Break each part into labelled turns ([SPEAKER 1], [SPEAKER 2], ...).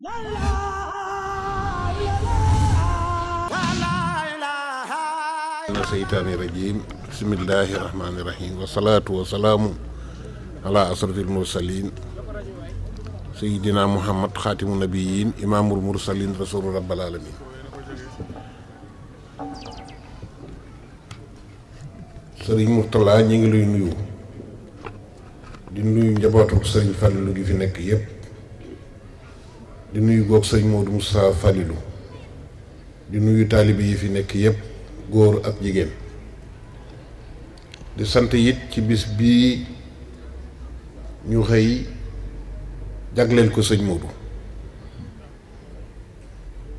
[SPEAKER 1] mina
[SPEAKER 2] seytaani rajiim bismillaahi rahmaani rahiim wasalaatu wasalaamu ala asrafil mursaliin seydina muhammad xaatimu nabiyiin imaamul mursaliin rasuulu rabbil aalamiin sëriñ ñu ngi luy nuyu di nuyu njabootu sëriñ Fàllu gi fi nekk yépp di nuyu goog sëñ Modou Moussa Falilou di nuyu taalibe yi fi nekk yépp góor ak jigéen di sant it ci bis bi ñu xëy jagleen ko sëñ Modou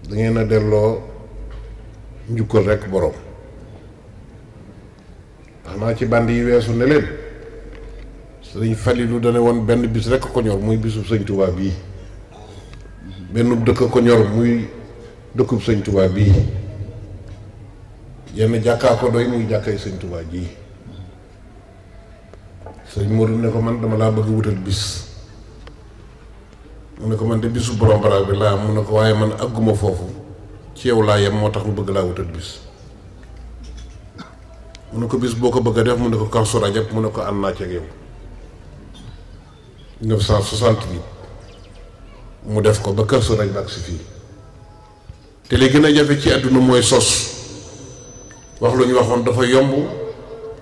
[SPEAKER 2] da ngeen a delloo njukkal rekk boroom wax naa ci band yi weesu ne leen sëñ Falilou dane woon benn bis rekk ko ñor muy bisu sëñ tubaab yi benn dëkk ko ñor muy dëkkub sëñ Tuubaa bii yenn jàkkaa ko doy muy jàkkay sëñ Tuubaa jii sëñ Modou ne ko man dama laa bëgg wutal bis mu ne ko man de bisu borom baraag bi laa mu ne ko waaye man àgguma foofu ci yow laa yem moo tax mu bëgg laa wutal bis mu ne ko bis boo ko bëgg a def mu ne ko Kazu Rajab mu ne ko ànd naa ci ak yow mu def ko ba kër su nañ bàgg si fii te li gën a jafe ci àdduna mooy sos wax lu ñu waxoon dafa yomb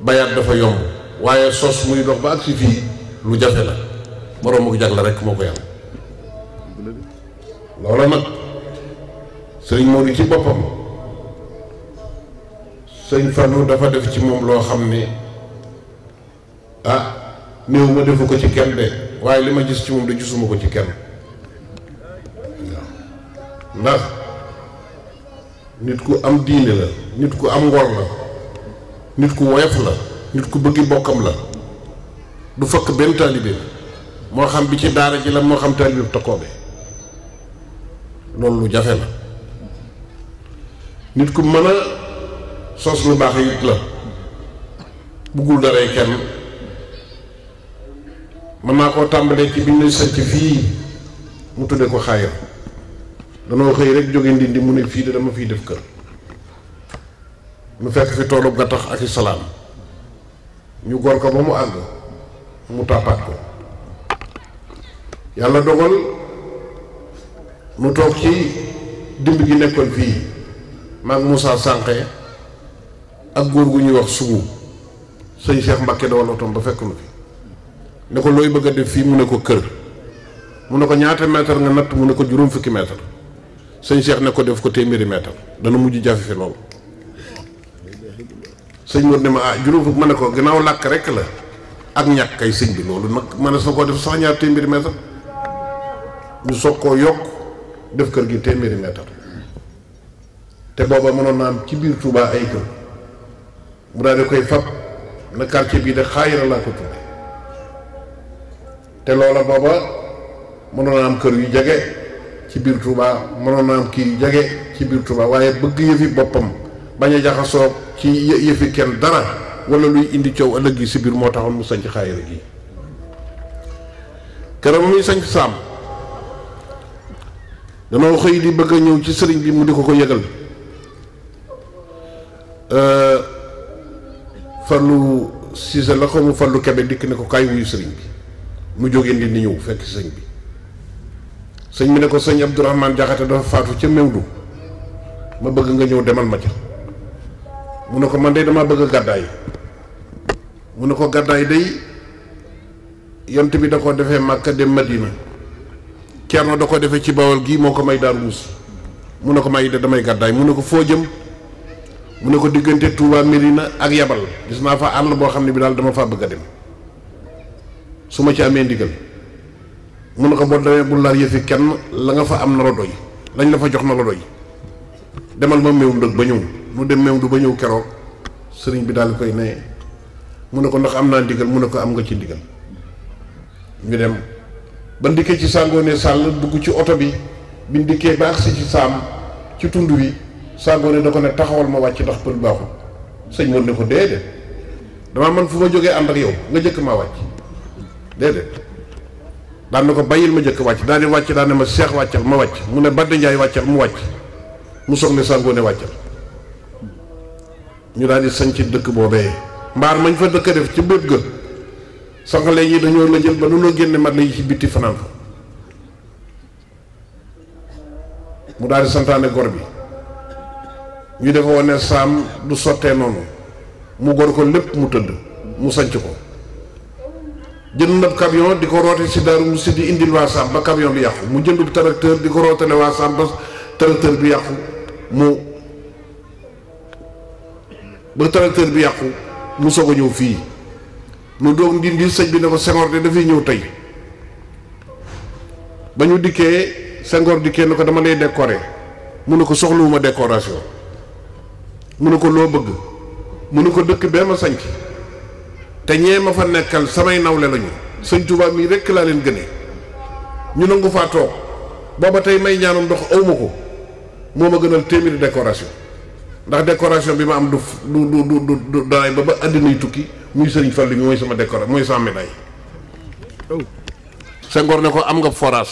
[SPEAKER 2] bayaat dafa yomb waaye sos muy dox ba ak si fii lu jafe la moroom ak jag la rek moo ko yàlla loola nag sëñ moo ni ci boppam sëñ Fallou dafa def ci moom loo xam ne ah néew ma defu ko ci kenn de waaye li ma gis ci moom de gisuma ko ci kenn ndax nit ku am diine la nit ku am ngoor la nit ku woyof la nit ku bëggi bokkam la du fëkk benn taalibe moo xam bi ci daara ji la moo xam taalibe bi tokkoo bi loolu jafe la nit ku mën a sos lu baax it la buggul daray kenn mën naa koo tàmbalee ci bi ñu sañ fii mu tuddee ko xaayam danoo xëy rek jóge ndindi mu ne fii de dama fiy def kër mu fekk fi toolu gattax ak i salaam ñu gor ko ba mu àgg mu tàppaat ko yàlla dogal mu toog ci dimb gi nekkoon fii maag Moussa Sànqe ak góor gu ñuy wax sugu sëñ Cheikh Mbacke dawal otoom ba fekk nu fi ne looy bëgg a def fii mu ne ko kër mu ne ko ñaata mètre nga natt mu ne ko juróom fukki mètre sëñ Cheikh ne ko def ko téeméeri meetar dana mujj jafe fi lool sëñ Modou ne ma ah juróom ma ne ko gannaaw làkk rek la ak ñàkk kay sëñ bi loolu nag ma ne soo ko def sax ñaar téeméeri meetar ñu soog koo yokk def kër gi téeméeri meetar te booba mënoon na am ci biir Touba ay kër mu daal di koy fab na quartier bii de xaayira laa ko tudde te loola booba mënoon na am kër yu jege. ci biir Touba mënoon na am jege ci biir Touba waaye bëgg yëfi boppam bañ a jaxasoo ci yëfi kenn dara wala luy indi coow ëllëg yi si biir moo taxoon mu sañc xaayira gi keroog muy sañc saam danoo xëy di bëgg ñëw ci sëriñ bi mu di ko ko yëgal Fallou Cissé la ko mu Fallou Kébé dikk ne ko kaay wuyu sëriñ bi mu jógee nit ñi ñëw fekk sëriñ bi sëñ bi ne ko sëñ Abdourahmane Jaxate dafa faatu ca Mewdu ma bëgg nga ñëw demal ma ca mu ne ko man dey dama bëgg gàddaay mu ne ko gàddaay day yont bi da koo defee Màkka dem Madina Ceerno da koo defee ci Bawol gii moo ko may Daaru Muus mu ne ko may de damay gàddaay mu ne ko foo jëm mu ne ko diggante Touba Mérina ak Yabal gis naa fa àll boo xam ne bi daal dama faa bëgg a dem su ma ci amee ndigal mun ko boo demee bul laal yëfi kenn la nga fa am na la doy lañ la fa jox na la doy demal ma meewum dëgg ba ñëw mu dem meewum du ba ñëw keroog sëriñ bi daal koy ne mu ne ko ndax am naa ndigal mu ne ko am nga ci ndigal ñu dem ba ndikkee ci sàngoone sàll dugg ci oto bi bi ndikkee baax si ci saam ci tund da ne taxawal ma wàcc ndax pël baaxul sëñ moon ne ko déedéet man fu ma jógee ànd ak yow daan na ko bàyyil ma jëkk wàcc daan di wàcc daan ma seex wàccal ma wàcc mu ne Badde Njaay wàccal mu wàcc mu soog ne sàngoo ne wàccal ñu daal di dëkk boobee mbaar mañ fa dëkk def ci bépp ga sanqale yi dañoo la jël ba nu noo génne mat la yi ci bitti fanaan fa mu daal santaane gor bi ñu defe woon ne saam du sottee noonu mu gor ko lépp mu tëdd mu sanc ko jënd ab camion di ko roote si Daaru Muxti di indil waa Sàmm ba camion bi yàqu mu jëndub tracteur di ko rootale waa Sàmm ba tracteur bi yàqu mu ba tracteur bi yàqu mu soog a ñëw fii lu doog ndindi sëñ bi ne ko Senghor de dafay ñëw tey ba ñu dikkee Senghor dikkee ne ko dama lay décorer mu ne ko soxluwuma décoration mu ne ko loo bëgg mu ne ko dëkk bee ma sañc te ñee ma fa nekkal samay nawle lañu sëñ Tuubaa mii rekk laa leen gënee ñu nangu faa toog booba tey may ñaanum ndox awma ko moo ma gënal téeméeri décoration ndax décoration bi ma am du du du du du ba ba àddina yu tukki muy sëriñ li bi mooy sama décora mooy sama médaille oh. Senghor ne ko am nga forage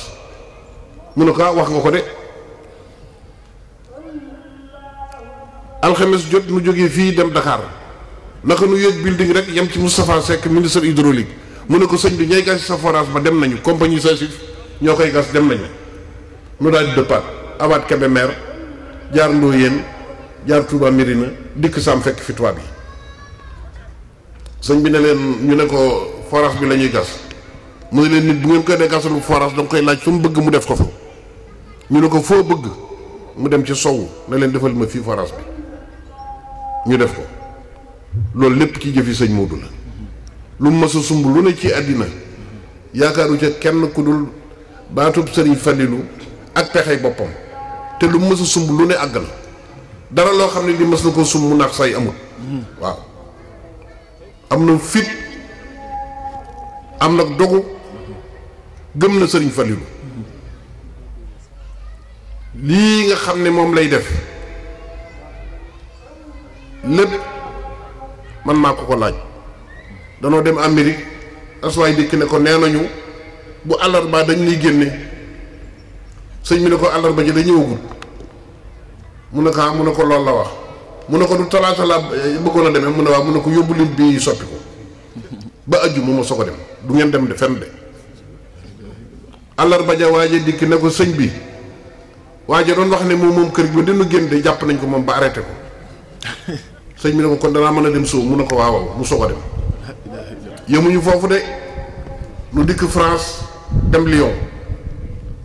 [SPEAKER 2] mu ne ko ah, wax nga ko de alxames jot mu jóge fii dem dakaar naka nu yéeg building rek yem ci Moustapha Seck ministre hydraulique mu ne ko sëñ bi ñay gas sa forage ba dem nañu compagnie Sasif ñoo koy gas dem nañu nu daal di dëppaat awaat Kébémer jaar Ndoyeen jaar Touba Mérina dikk saam fekk fi tubaab yi sëñ bi ne leen ñu ne ko forage bi lañuy gas mu ne leen nit bu ngeen koy dee gasalu forage da koy laaj fu mu bëgg mu def ko fa ñu ne ko foo bëgg mu dem ci sowu ne leen defal ma fii forage bi ñu def ko loolu lépp ci jëfi sëñ Moodu la lu mu mës a sumb lu ne ci àddina yaakaaru ca kenn ku dul baatub sëriñ Fadilu ak pexey boppam te lu mu mës a sumb lu ne àgg na dara loo xam ne di mës na ko sumb naax say amul waaw am na fit am nag dogu gëm na sëriñ Fadilu lii nga xam ne moom lay def lépp man maa ko ko laaj danoo dem Amérique asuwaay dikk ne ko nee nañu bu àllarba dañ lay génne sëñ bi ne ko àllarba ji da ñëwagul mu ne ko ah, mu ne ko lool la wax mu ne ko du talaata la eh, bëggoon a demee mu ne waaw mun ne ko yóbbu lim bi soppi ko ba aju moom ma soog a dem du ngeen dem de fenn de àllarba ja waaje dikk ne ko sëñ bi waaje doon wax ne moom moom kër gi ba dina génn de jàpp nañ ko moom ba arrêté ko sëñ bi ne ko kon danaa mën a dem soo mun na ko waawaaw mu soog a dem yemuñu foofu de nu dikk France dem Lyon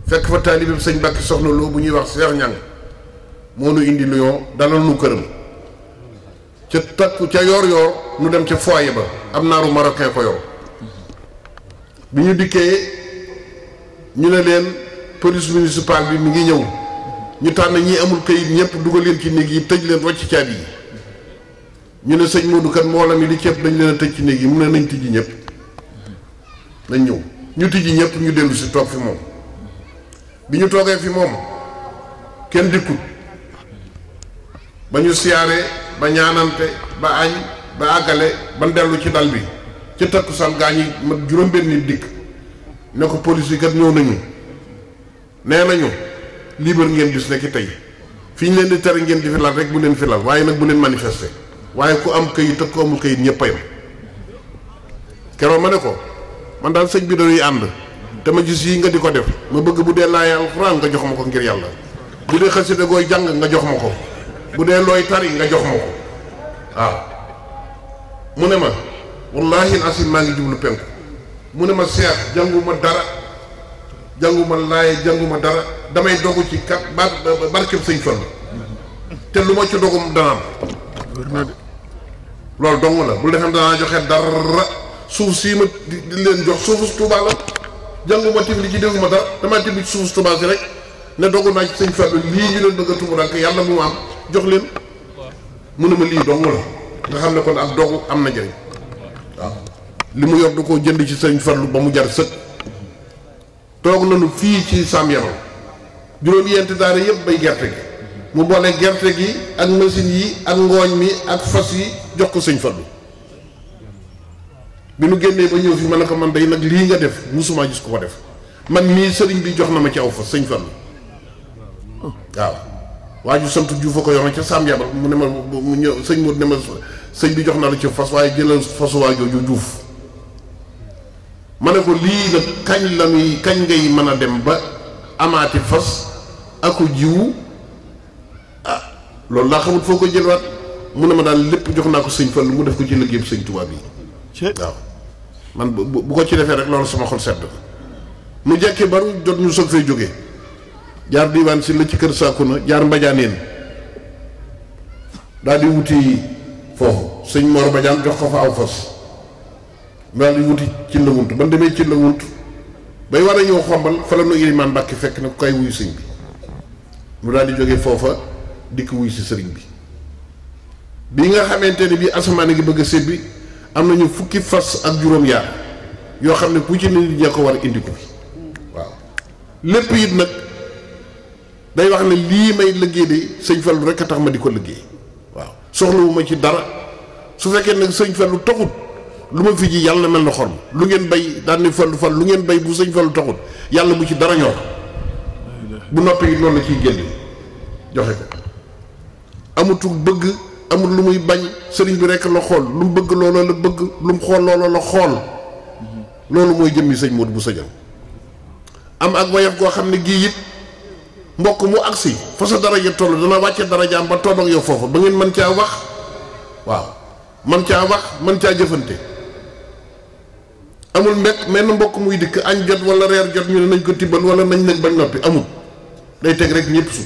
[SPEAKER 2] fekk fa taalibeem sëñ Bàkki soxna loo bu ñuy wax Cheikh Ñang moo nu indi Lyon dalal nu këram ca takku ca yoor yoor nu dem ca foyer ba am naaru marocain ko yor bi ñu dikkee ñu ne leen police municipale bi mi ngi ñëw ñu tànn ñi amul kayit ñëpp dugal leen ci néeg yi tëj leen wàcc caabi yi ñu ne sëñ Modou kat mbooloo mi li ceeb dañ leen a tëj ci néeg yi mu ne nañ tijji ñëpp nañ ñëw ñu tijji ñëpp ñu dellu si toog fi moom bi ñu toogee fi moom kenn dikkut ba ñu siyaare ba ñaanante ba añ ba àggale ba dellu ci dal bi ca takkusaan gaa ñi mag juróom-benn dikk ne ko police yi kat ñëw nañu nee nañu liibar ngeen bis ne ki tey fi ñu leen di tere ngeen di filal rek bu leen filal waaye nag bu leen manifester. waaye ku am këyit te ku amul këyit ñëpp a yem ma ne ko man daal sëñ bi dañuy ànd te ma gis yii nga di ko def ma bëgg bu dee laaya alxuraan nga jox ma ko ngir yàlla bu dee xasida gooy jàng nga jox ma ko bu dee looy tari nga jox ma ko waaw mu ne ma wallaahi asim maa ngi jublu penku mu ne ma seex jànguma dara jànguma laaya jànguma dara damay dogu ci kat bar barkeb sëñ Fall te lu ma ci dogum dana am loolu dong la bul defee danaa joxe dara suuf sii ma di leen jox suufu Tuubaa la jàngu ma tifli ci defuma dara damaa tibb ci suufu Tuubaa si rek ne dogu naa ci sëñ Fallu lii ñu leen bëgg a tumu rank yàlla mu ma am jox leen mënuma lii dong la nga xam ne kon ak dogu am na njëriñ waaw li mu yor da koo jënd ci sëñ Fallu ba mu jar sëkk toog nanu fii ci Sam Yabal juróom yent daara yëpp bay gerte gi mu boole gerte gi ak machine yi ak ngooñ mi ak fas yi jox ko sëñ Fallou bi nu génnee ba ñëw fi ma ne ko man day nag lii nga def musuma gis ko ko def man mii sëriñ bi jox na ma ci aw fas sëñ Fallou waa ju sant Juuf a ko yoroon mu ne ma mu ñëw ne ma sëñ bi jox na la ci fas waaye jëlal fasu waa jooju Juuf ma ne ko lii nag kañ la kañ ngay mën a dem ba amaati fas aku jiw loolu laa xamul foo ko jëlwaat mun ne ma daal lépp jox naa ko sëñ Fallu mu def ko ci liggéey bi sëñ Tuubaa bi waaw man bu ko ci defee rek loolu sama xol sedd mu jekkee baru jot ñu soog fay jógee jaar diiwaan si la ci kër na jaar mbajaaneen daal di wuti foofu sëñ Mor Badiane jox ko fa aw fas daal di wuti ci la wunt ban demee ci la wunt bay war a ñëw xombal fa la nu ilimaan Mbàkke fekk na ku kay wuyu sëñ bi mu daal di jógee foofa dikk wuy si sëriñ bi bi nga xamante ne bii asamaan a bëgg a sét bi am nañu fukki fas ak juróom-yaar yoo xam ne ku ci nit ña ko war indi ko bi waaw lépp it nag day wax ne lii may liggéey de sëñ Fallu rek a tax ma di ko liggéey waaw soxlawu ma ci dara su fekkee nag sëñ Fallu taxut lu ma fi ji yàlla mel na xorm lu ngeen bay daan ni Fallu Fallu lu ngeen bay bu sëñ Fallu taxut yàlla bu ci dara ñor bu noppi it noonu la ciy génne joxe ko. amutul bëgg amul lu muy bañ sëriñ bi rek la xol lu bëgg looloo la bëgg lu mu xool looloo la xol loolu mooy jëmmi sëñ mod bu sëjal am ak wayaf goo xam ne gii it mbokk mu agsi fa sa daraja toll dana dara darajaam ba toog ak yow foofu ba ngeen mën caa wax waaw man caa wax man caa jëfante amul mbekk mbokk muy dikk añ jot wala reer jot ñu ne nañ ko tibbal wala nañ nañ bañ noppi amul day teg rek ñëpp su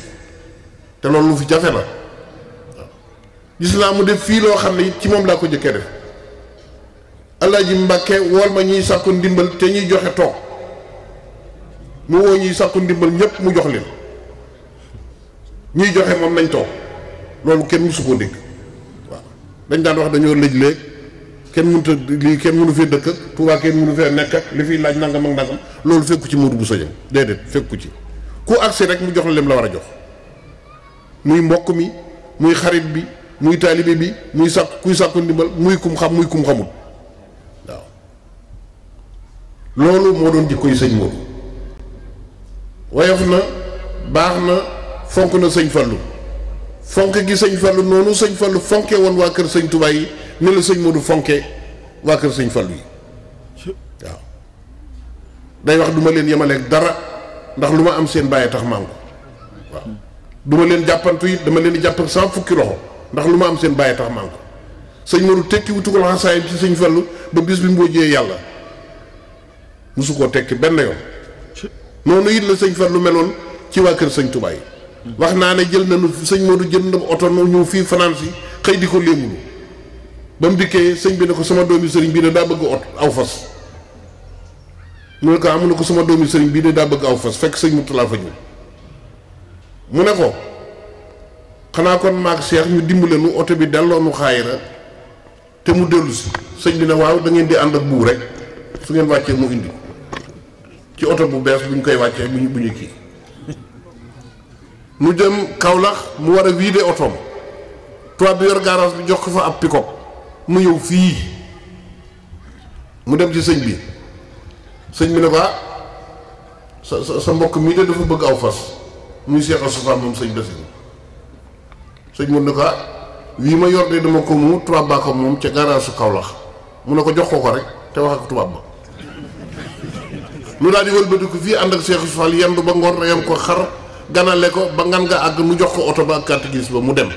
[SPEAKER 2] te loolu lu fi jafe la gis naa mu def fii loo xam ne ci moom laa ko jëkkee def alaaji Mbàkke wool ma ñuy sàkku ndimbal te ñuy joxe toog mu woo ñuy sàkku ndimbal ñëpp mu jox leen ñuy joxe moom nañ toog loolu kenn mësu koo dégg waaw dañ daan wax dañoo lëj léeg kenn mënut a lii kenn mënu fee dëkk ak Tuubaa mu mënu fee nekk ak li fiy laaj nangam ak nangam loolu fekku ci Modou Bousso Dieng déedéet fekku ci ku agsi rek mu jox la leen la war a jox muy mbokk mi muy xarit bi muy taalibe bi muy sàkk kuy sàkku ndimbal muy kum xam muy kum xamul waaw loolu moo doon jikko yi sëñ Moodu woyof na baax na fonk na sëñ Fallu fonk gi sëñ Fallu noonu sëñ Fallu fonke woon waa kër sëñ Tuubaa yi ne la sëñ Moodu fonke waa kër sëñ Fallu yi waaw day wax duma leen yemaleeg dara ndax lu ma am seen bàyyi tax ma waaw duma leen jàppantu it dama leen di jàpp ak sama fukki loxo ndax lu ma am seen bàyyi tax man sëñ Modou tekki ko xasaayam ci sëñ Fallu ba bis bi mbóojee yàlla musu koo tekki benn yoon noonu it la sëñ Fallu meloon ci waa kër sëñ Tuubaa wax naa ne jël nañu sëñ Modou jël na oto nu ñëw fii fanaan yi xëy di ko léemulu ba mu dikkee sëñ bi ne ko sama doomi sëriñ bi ne daa bëgg ot aw fas mu ne ko amu ah, ne ko sama doomi sëriñ bii da daa bëgg aw fas fekk sëñ Murtala fa ñu mu ne ko xanaa kon maag Cheikh ñu dimbale nu oto bi delloo nu xaayira te mu dellu si sëñ bi na waaw dangeen di ànd ak buub rekk su ngeen wàccee mu indi ci oto bu bees bu ñu koy wàccee bu ñu bu kii mu jëm Kaolack mu war a vider otoom tubaab bi yor garage bi jox ko fa ab mu ñëw fii mu dem ci sëñ bi sëñ bi ne ba ah, sa sa mbokk mii de dafa bëgg aw fas muy Cheikh Ousmane moom sëñ Bassirou sëñ mun ko wi ma yor de dama ko mu tuba ba ko moom ci garage su kaw lax mu ne ko jox ko ko rek te wax ak tuba ba lu daal wol beuduk fi and ak Cheikh Fall yendu ba ngor yam ko xar ganale ko ba ngan nga ag mu jox ko auto ba carte gis ba mu dem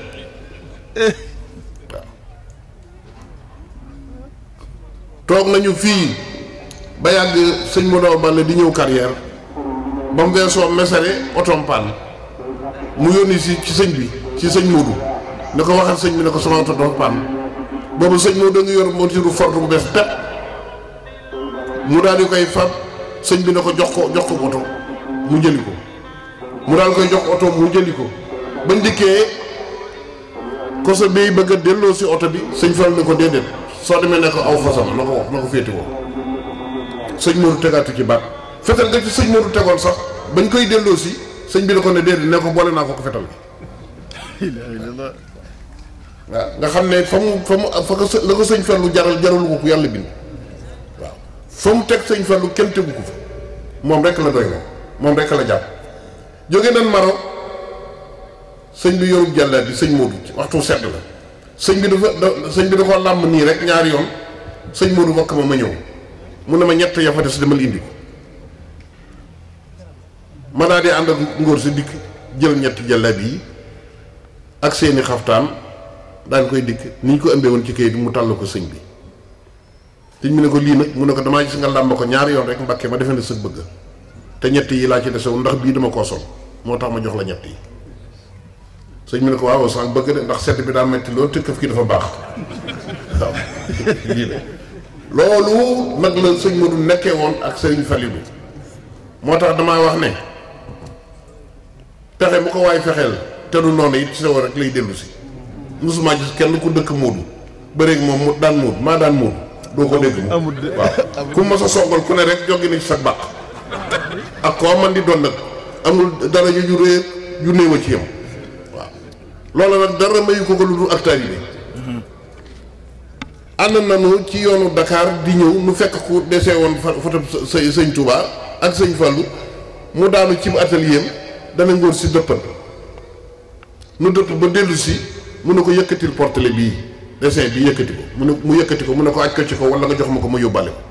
[SPEAKER 2] tok nañu fi ba yàgg sëñ Modou Balla di ñew carrière ba mu mesare auto pan mu yoni ci sëñ bi ci sëñ Moodu ne ko waxal sëñ bi ne ko sama oto dafa paan boobu sëñ Moodu nga yor montiru fort bu bees pepp mu daal di koy fab sëñ bi ne ko jox ko jox ko oto mu jëli ko mu daal koy jox oto mu jëli ko ba ndikkee ko sa bay bëgg a delloo si oto bi sëñ Fall ne ko déedéet soo demee ne ko aw fasama na ko wax na ko féete woo sëñ Moodu tegaatu ci baat fetal nga ci sëñ Moodu tegoon sax bañ koy delloo si sëñ bi ne ko ne déedéet ne ko boole naa ko ko fetal bi waaw nga xam ne fa mu fa mu fa ko sëñ Fallu jaral jaralu ko ku yàlla bind waaw fa mu teg sëñ Fallu kenn tegu ko fa moom rek la doy moom moom rek la jàpp jóge nan Maroc sëñ bi yorub jàllaat bi sëñ Modou waxtu sedd la sëñ bi dafa sëñ bi dafa làmb nii rek ñaari yoon sëñ Modou bokk ma ma ñëw mu ne ma ñett ya fa des demal indi ko ma daa di ànd ak ngóor si dikk jël ñetti jàllaat yi ak seeni xaftaan daan koy dikk ni ñu ko ëmbee woon ci kayit mu tàll ko sëñ bi sëñ bi ne ko lii nag mu ne ko damaa gis nga làmb ko ñaari yoon rek mbakke ma defe ne sa bëgg te ñett yi laa ci desewul ndax bii dama koo sol moo tax ma jox la ñett yi sëñ bi ne ko waaw sànq bëgg de ndax sedd bi daa metti loolu te ki dafa baax waaw lii la loolu nag la sëñ Modou nekkee woon ak sëriñ Falilou moo tax damaa wax ne pexe mu ko waay fexeel te du noonu it ci sa war rek lay dellu si musuma gis kenn ku dëkk Moodu bëreeg moom mu daan Moodu maa daan Moodu doo ko dégg moom waaw ku mos a songal ku ne rek joggi na sa bàq ak koo man di doon amul dara yu ju réer ju néew a ci yam waaw loolu nag dara mayu ko ko lu dul ak taalibe ànd nañu ci yoonu dakaar di ñëw nu fekk ku dese sa foto sëñ Touba ak sëñ Fallou mu daanu ci atelier am dana ngóor si dëppan nu dëpp ba dellu si mu ne ko yëkkatil portele bii dessin bi yëkkati ko mu ne mu yëkkati ko mu ne ko aj ko ci ko wala nga jox ma ko ma yóbbaale ko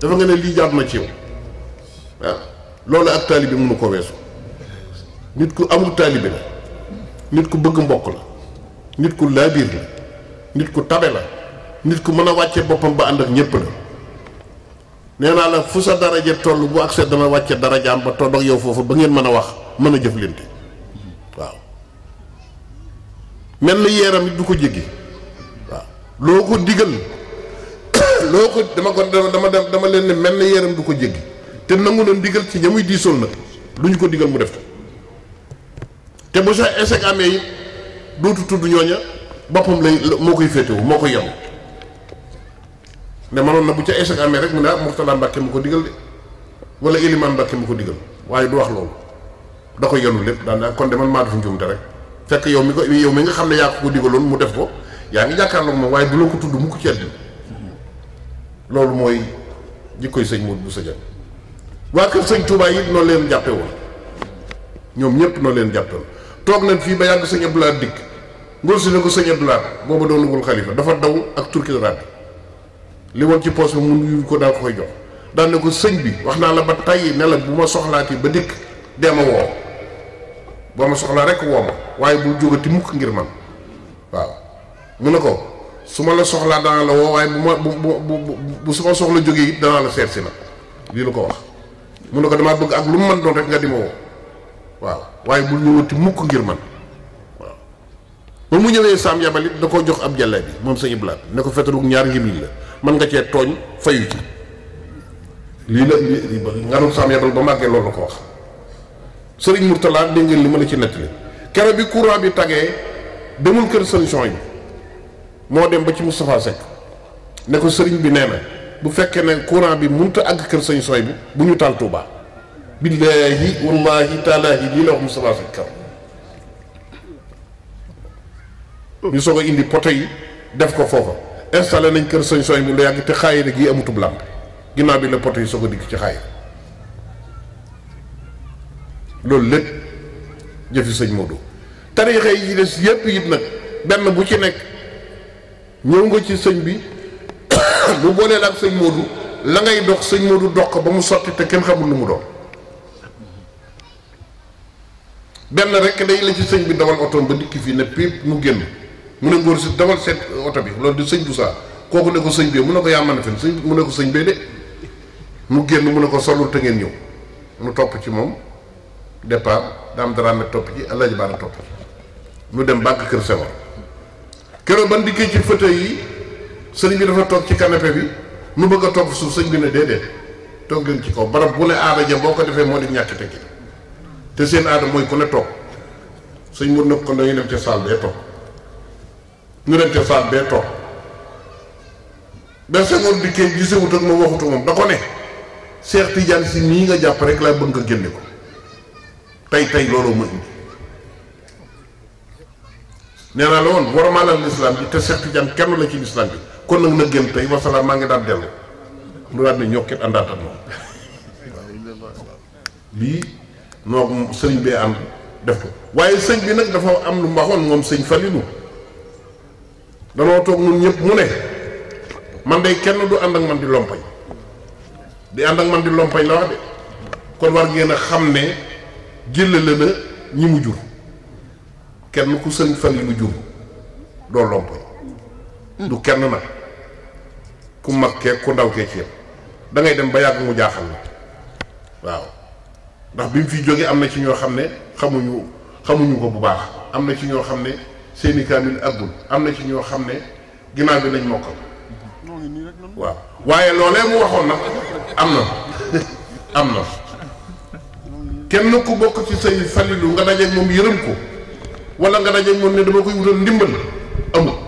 [SPEAKER 2] dafa nga ne lii jaadu na ciw loolu ak taalibe mënu ko weesu nit ku amul taalibe la nit ku bëgg mbokk la nit ku laabiir la nit ku tabe la nit ku mën a wàcce boppam ba ànd ak ñépp la nee naa la fu sa daraja toll bu ak dana wàcce darajaam ba toll ak yow foofu ba ngeen mën a wax mën a jëflante mel yeeram it du ko jéggi waaw loo ko digal loo ko dama ko dama dama leen ne mel yeeram du ko jéggi te nangu na ndigal ci ñamuy diisool nag lu ñu ko digal mu def ko te bu sa échec amee it dootu tudd ñooña boppam lay moo koy féetewu moo ko yem ne manoon na bu ca échec amee rek mu ne ah Mourtala Mbàkke mu ko digal de wala Eliman Mbàkke mu ko digal waaye du wax loolu da ko yenu lépp daanaka kon de maa def njuumte rek. fekk yow mi ko yow mi nga xam ne yaa ko ko digaloon mu def ko yaa ngi jàkkaarloog moom waaye du la ko tudd mukk ci àddina loolu mooy koy sëñ Modou Bousso Dieng waa kër sëñ Touba yi leen jàppe woon ñoom ñëpp noonu leen jàppe toog nañ fii ba yàgg sëñ Abdoulaye dikk ngóor si ne ko sëñ Abdoulaye booba doonagul xalifa dafa daw ak turki raad li woon ci poos bi mun ko daa ko koy jox daan ne ko sëñ bi wax naa la ba tàyyi ne bu ma soxlaati ba dikk dema woo boo ma soxlaa rek woo ma bu bul jógati mukk ngir man waaw mu ne ko la soxla danaa la wo waye bu bu bu bu su soxla joge it danaa la seet si nag lii la ko wax mu ne ko bëgg ak lu mën rek nga dimo ma woo waaw waaye bul ñëwati mukk ngir man waaw ba mu ñëwee sam yabal da ko jox ab jalla bi mom sa iblaat ne ko fetarug ñaar ngimil la man nga ci togn fayu ci li la lii nganul saam yabal ba magge lolu ko wax Serigne Mourtala dégg ngeen li ma la ci nettali keroog bi courant bi tagee demul kër solution yi moo dem ba ci Moustapha Seck ne ko Serigne bi nee na bu fekkee ne courant bi mënut a kër sëñ sooy bi bu ñu taal Touba. billaahi wallaahi taalaahi lii la wax Moustapha Seck kaw ñu soog a indi poto yi def ko foofa installé nañ kër sëñ sooy bi lu yàgg te xaayira gi amutub làmp ginnaaw bi la poto yi soo a dikk ci xaayira loolu lépp jëfi sëñ Modou tariixa yi des yépp it nag benn bu ci nekk ñëw nga ci sëñ bi bu booleel ak sëñ Modou la ngay dox sëñ Modou dox ko ba mu sotti te kenn xamul lu mu doon benn rekk day la ci sëñ bi dawal otoom ba fii ne mu génn mu ne si dawal seet oto bi loolu di sëñ bu saa kooku ne ko sëñ bee mu ne ko yaa mën a sëñ mu ne ko sëñ bee de mu génn mu ne ko solul te ngeen ñëw mu topp ci moom départ daam daraame topp ci Alaaji Baara topp ci dem banque kër Senghor keroog ban dikkee ci fauteuil yi sëriñ bi dafa toog ci canapé bi nu bëgg a toog suuf sëñ bi ne déedéet toog leen ci kaw barab bu ne aada ja boo ko defee moo di ñàkk tekki te seen aada mooy ku ne toog sëñ mën na ko dañuy dem ca saal bee toog ñu dem ca saal bee toog ba Senghor dikkee gisewut ak ma waxutu moom da ko ne Cheikh Tidiane si nii nga jàpp rek laa bëgg nga génne ko tey tey loolu ma indi nee naa la woon warmalal lislaam bi te Seex Tijaan kenn la ci lislaam bi kon nag na gën tey wasalaam maa ngi daan dellu mu daal ne ñokket àndaat ak moom lii noo sëriñ bee ànd def ko waaye sëñ bi nag dafa am lu mbaxoon moom sëñ Falilu danoo toog nun ñëpp mu ne man de kenn du ànd ak man di lompañ di ànd ak man di lompañ la wax de kon war ngeen a xam ne jëlale na ñi mu jur kenn ku sëriñ Faliilu jur doo lompoñ hmm. du kenn na ku mag kee ku ndaw kee ci yam da dem ba yàgg mu jaaxal la waaw ndax bi mu fiy jógee am na ci ñoo xam ne xamuñu xamuñu ko bu baax am na ci ñoo xam ne seeni kaamil àggul am na ci ñoo xam ne ginnaaw bi lañ mokkal waaw waaye loolee mu waxoon na am na am na kenn ku bokk ci say falilu nga dajeeg moom yërëm ko wala nga dajeeg moom ne dama koy wutal ndimbal amul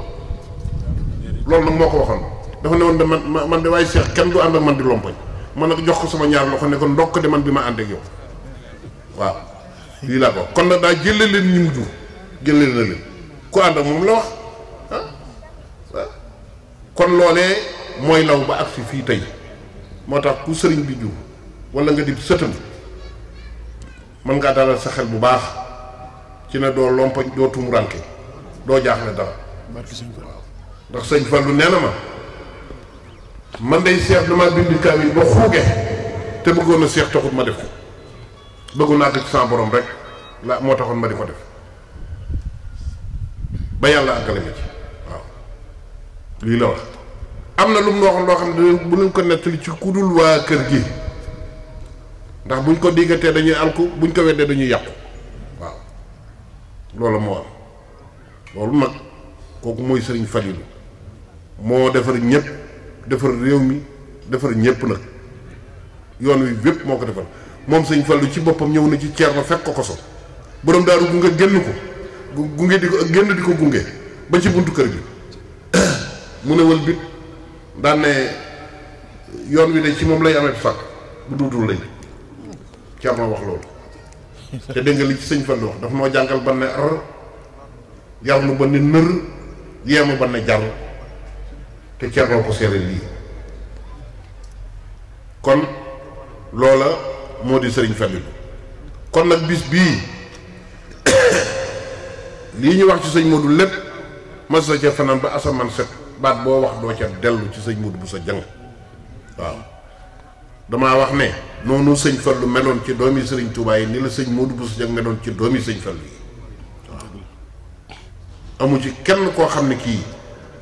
[SPEAKER 2] loolu nag moo ko waxoon dafa ne woon de man man de waaye Cheikh kenn du ànd ak man di lompoñ man nag jox ko sama ñaar loxo ne ko ndokk de man bi ma ànd yow waaw lii laa ko kon nag daa jëlee leen ñi mu jur jëlee na leen ku ànd ak moom la wax ah. Ah. kon loolee mooy law ba agsi fii tey moo tax ku sëriñ bi jur wala nga di sëtam man ngaa dalal sa xel bu baax ci ne doo lompañ doo tumuranke doo jaaxle dara waaw ndax sëñ lu nee na ma man day seex dama bind kaamil ba xuuge te bëggoon a seex taxut ma def ko bëggu naa ci sama borom rek la moo taxoon ma di ko def ba yàlla àggale ma ci waaw lii la wax am na lu mu waxoon loo xam ne bu ñu ko nettali ci kudul waa kër gi ndax buñ ko diggatee dañuy alku buñ ko weddee dañuy yàqu waaw loolu mo am loolu nag kooku mooy sëriñ fadil mo defar ñepp defar réew mi defar ñepp nak yoon wi bépp moko ko defal moom sëñ fallu ci bopam ñëw na ci ceerno fekk ko so borom daaru nga genn ko gunge di ko génn di ko gunge ba ci buntu kër bi mu ne wël bit daan ne yoon wi né ci mom lay amé fak bu dudul lay Thierno wax loolu te dégg nga li ci sëñ Fallu wax daf moo jàngal ban ne ar yar nu ba ne nër yeemu ban ne jar te Thierno ko seere lii kon loola moo di sëriñ Fallu kon nag bis bii lii ñu wax ci sëñ Modou lépp ma sa ca fanaan ba asamaan set baat boo wax doo ca dellu ci sëñ Modou bu sa jàng waaw damaa wax ne nonu señ fallu melon ci domi señ touba yi ni la sëñ moodu busu jag meloon ci domi señ fallu amu ci kenn ko xam ki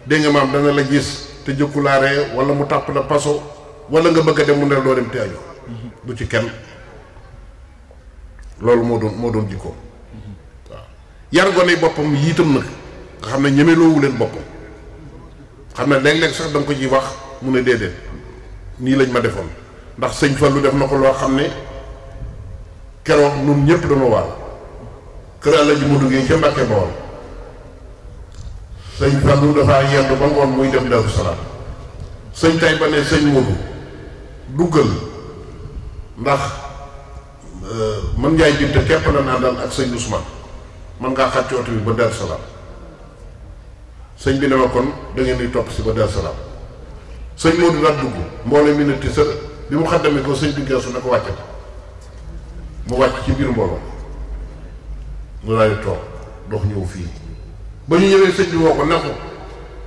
[SPEAKER 2] de nga maam dana la gis te jikko la re wala mu tap la paso wala nga bëgg dem mu ne loo dem te añu du ci kenn lolou modon modon jikko yar gone bopam yitam nak nga ne ñemeloowu leen boppam xam leg sax dang ko ci wax mu ne ni lañ ma defoon ndax sëñ fallu def na ko loo xam ne keroog nun ñëpp dañu waal kër àlla ji mu duggee ca mbàkke bool sëñ fallu dafa yendu ba ngoon muy dem daru salaam sëñ tay ba ne sëñ mudu duggal ndax euh, man ngay jinte képp la naa dal ak sëñ usman man ngaa xàcc oto bi ba daru salaam sëñ bi ne ma kon da ngeen di topp si ba daru salaam sëñ mudu nag dugg mboole mi ne ti sa bi mu xaddamee ko sëñ bi geesu na ko wàcce mu wàcc ci biir mbooloo mu daal di toog dox ñëw fii ba ñu ñëwee sëñ bi woo ko ne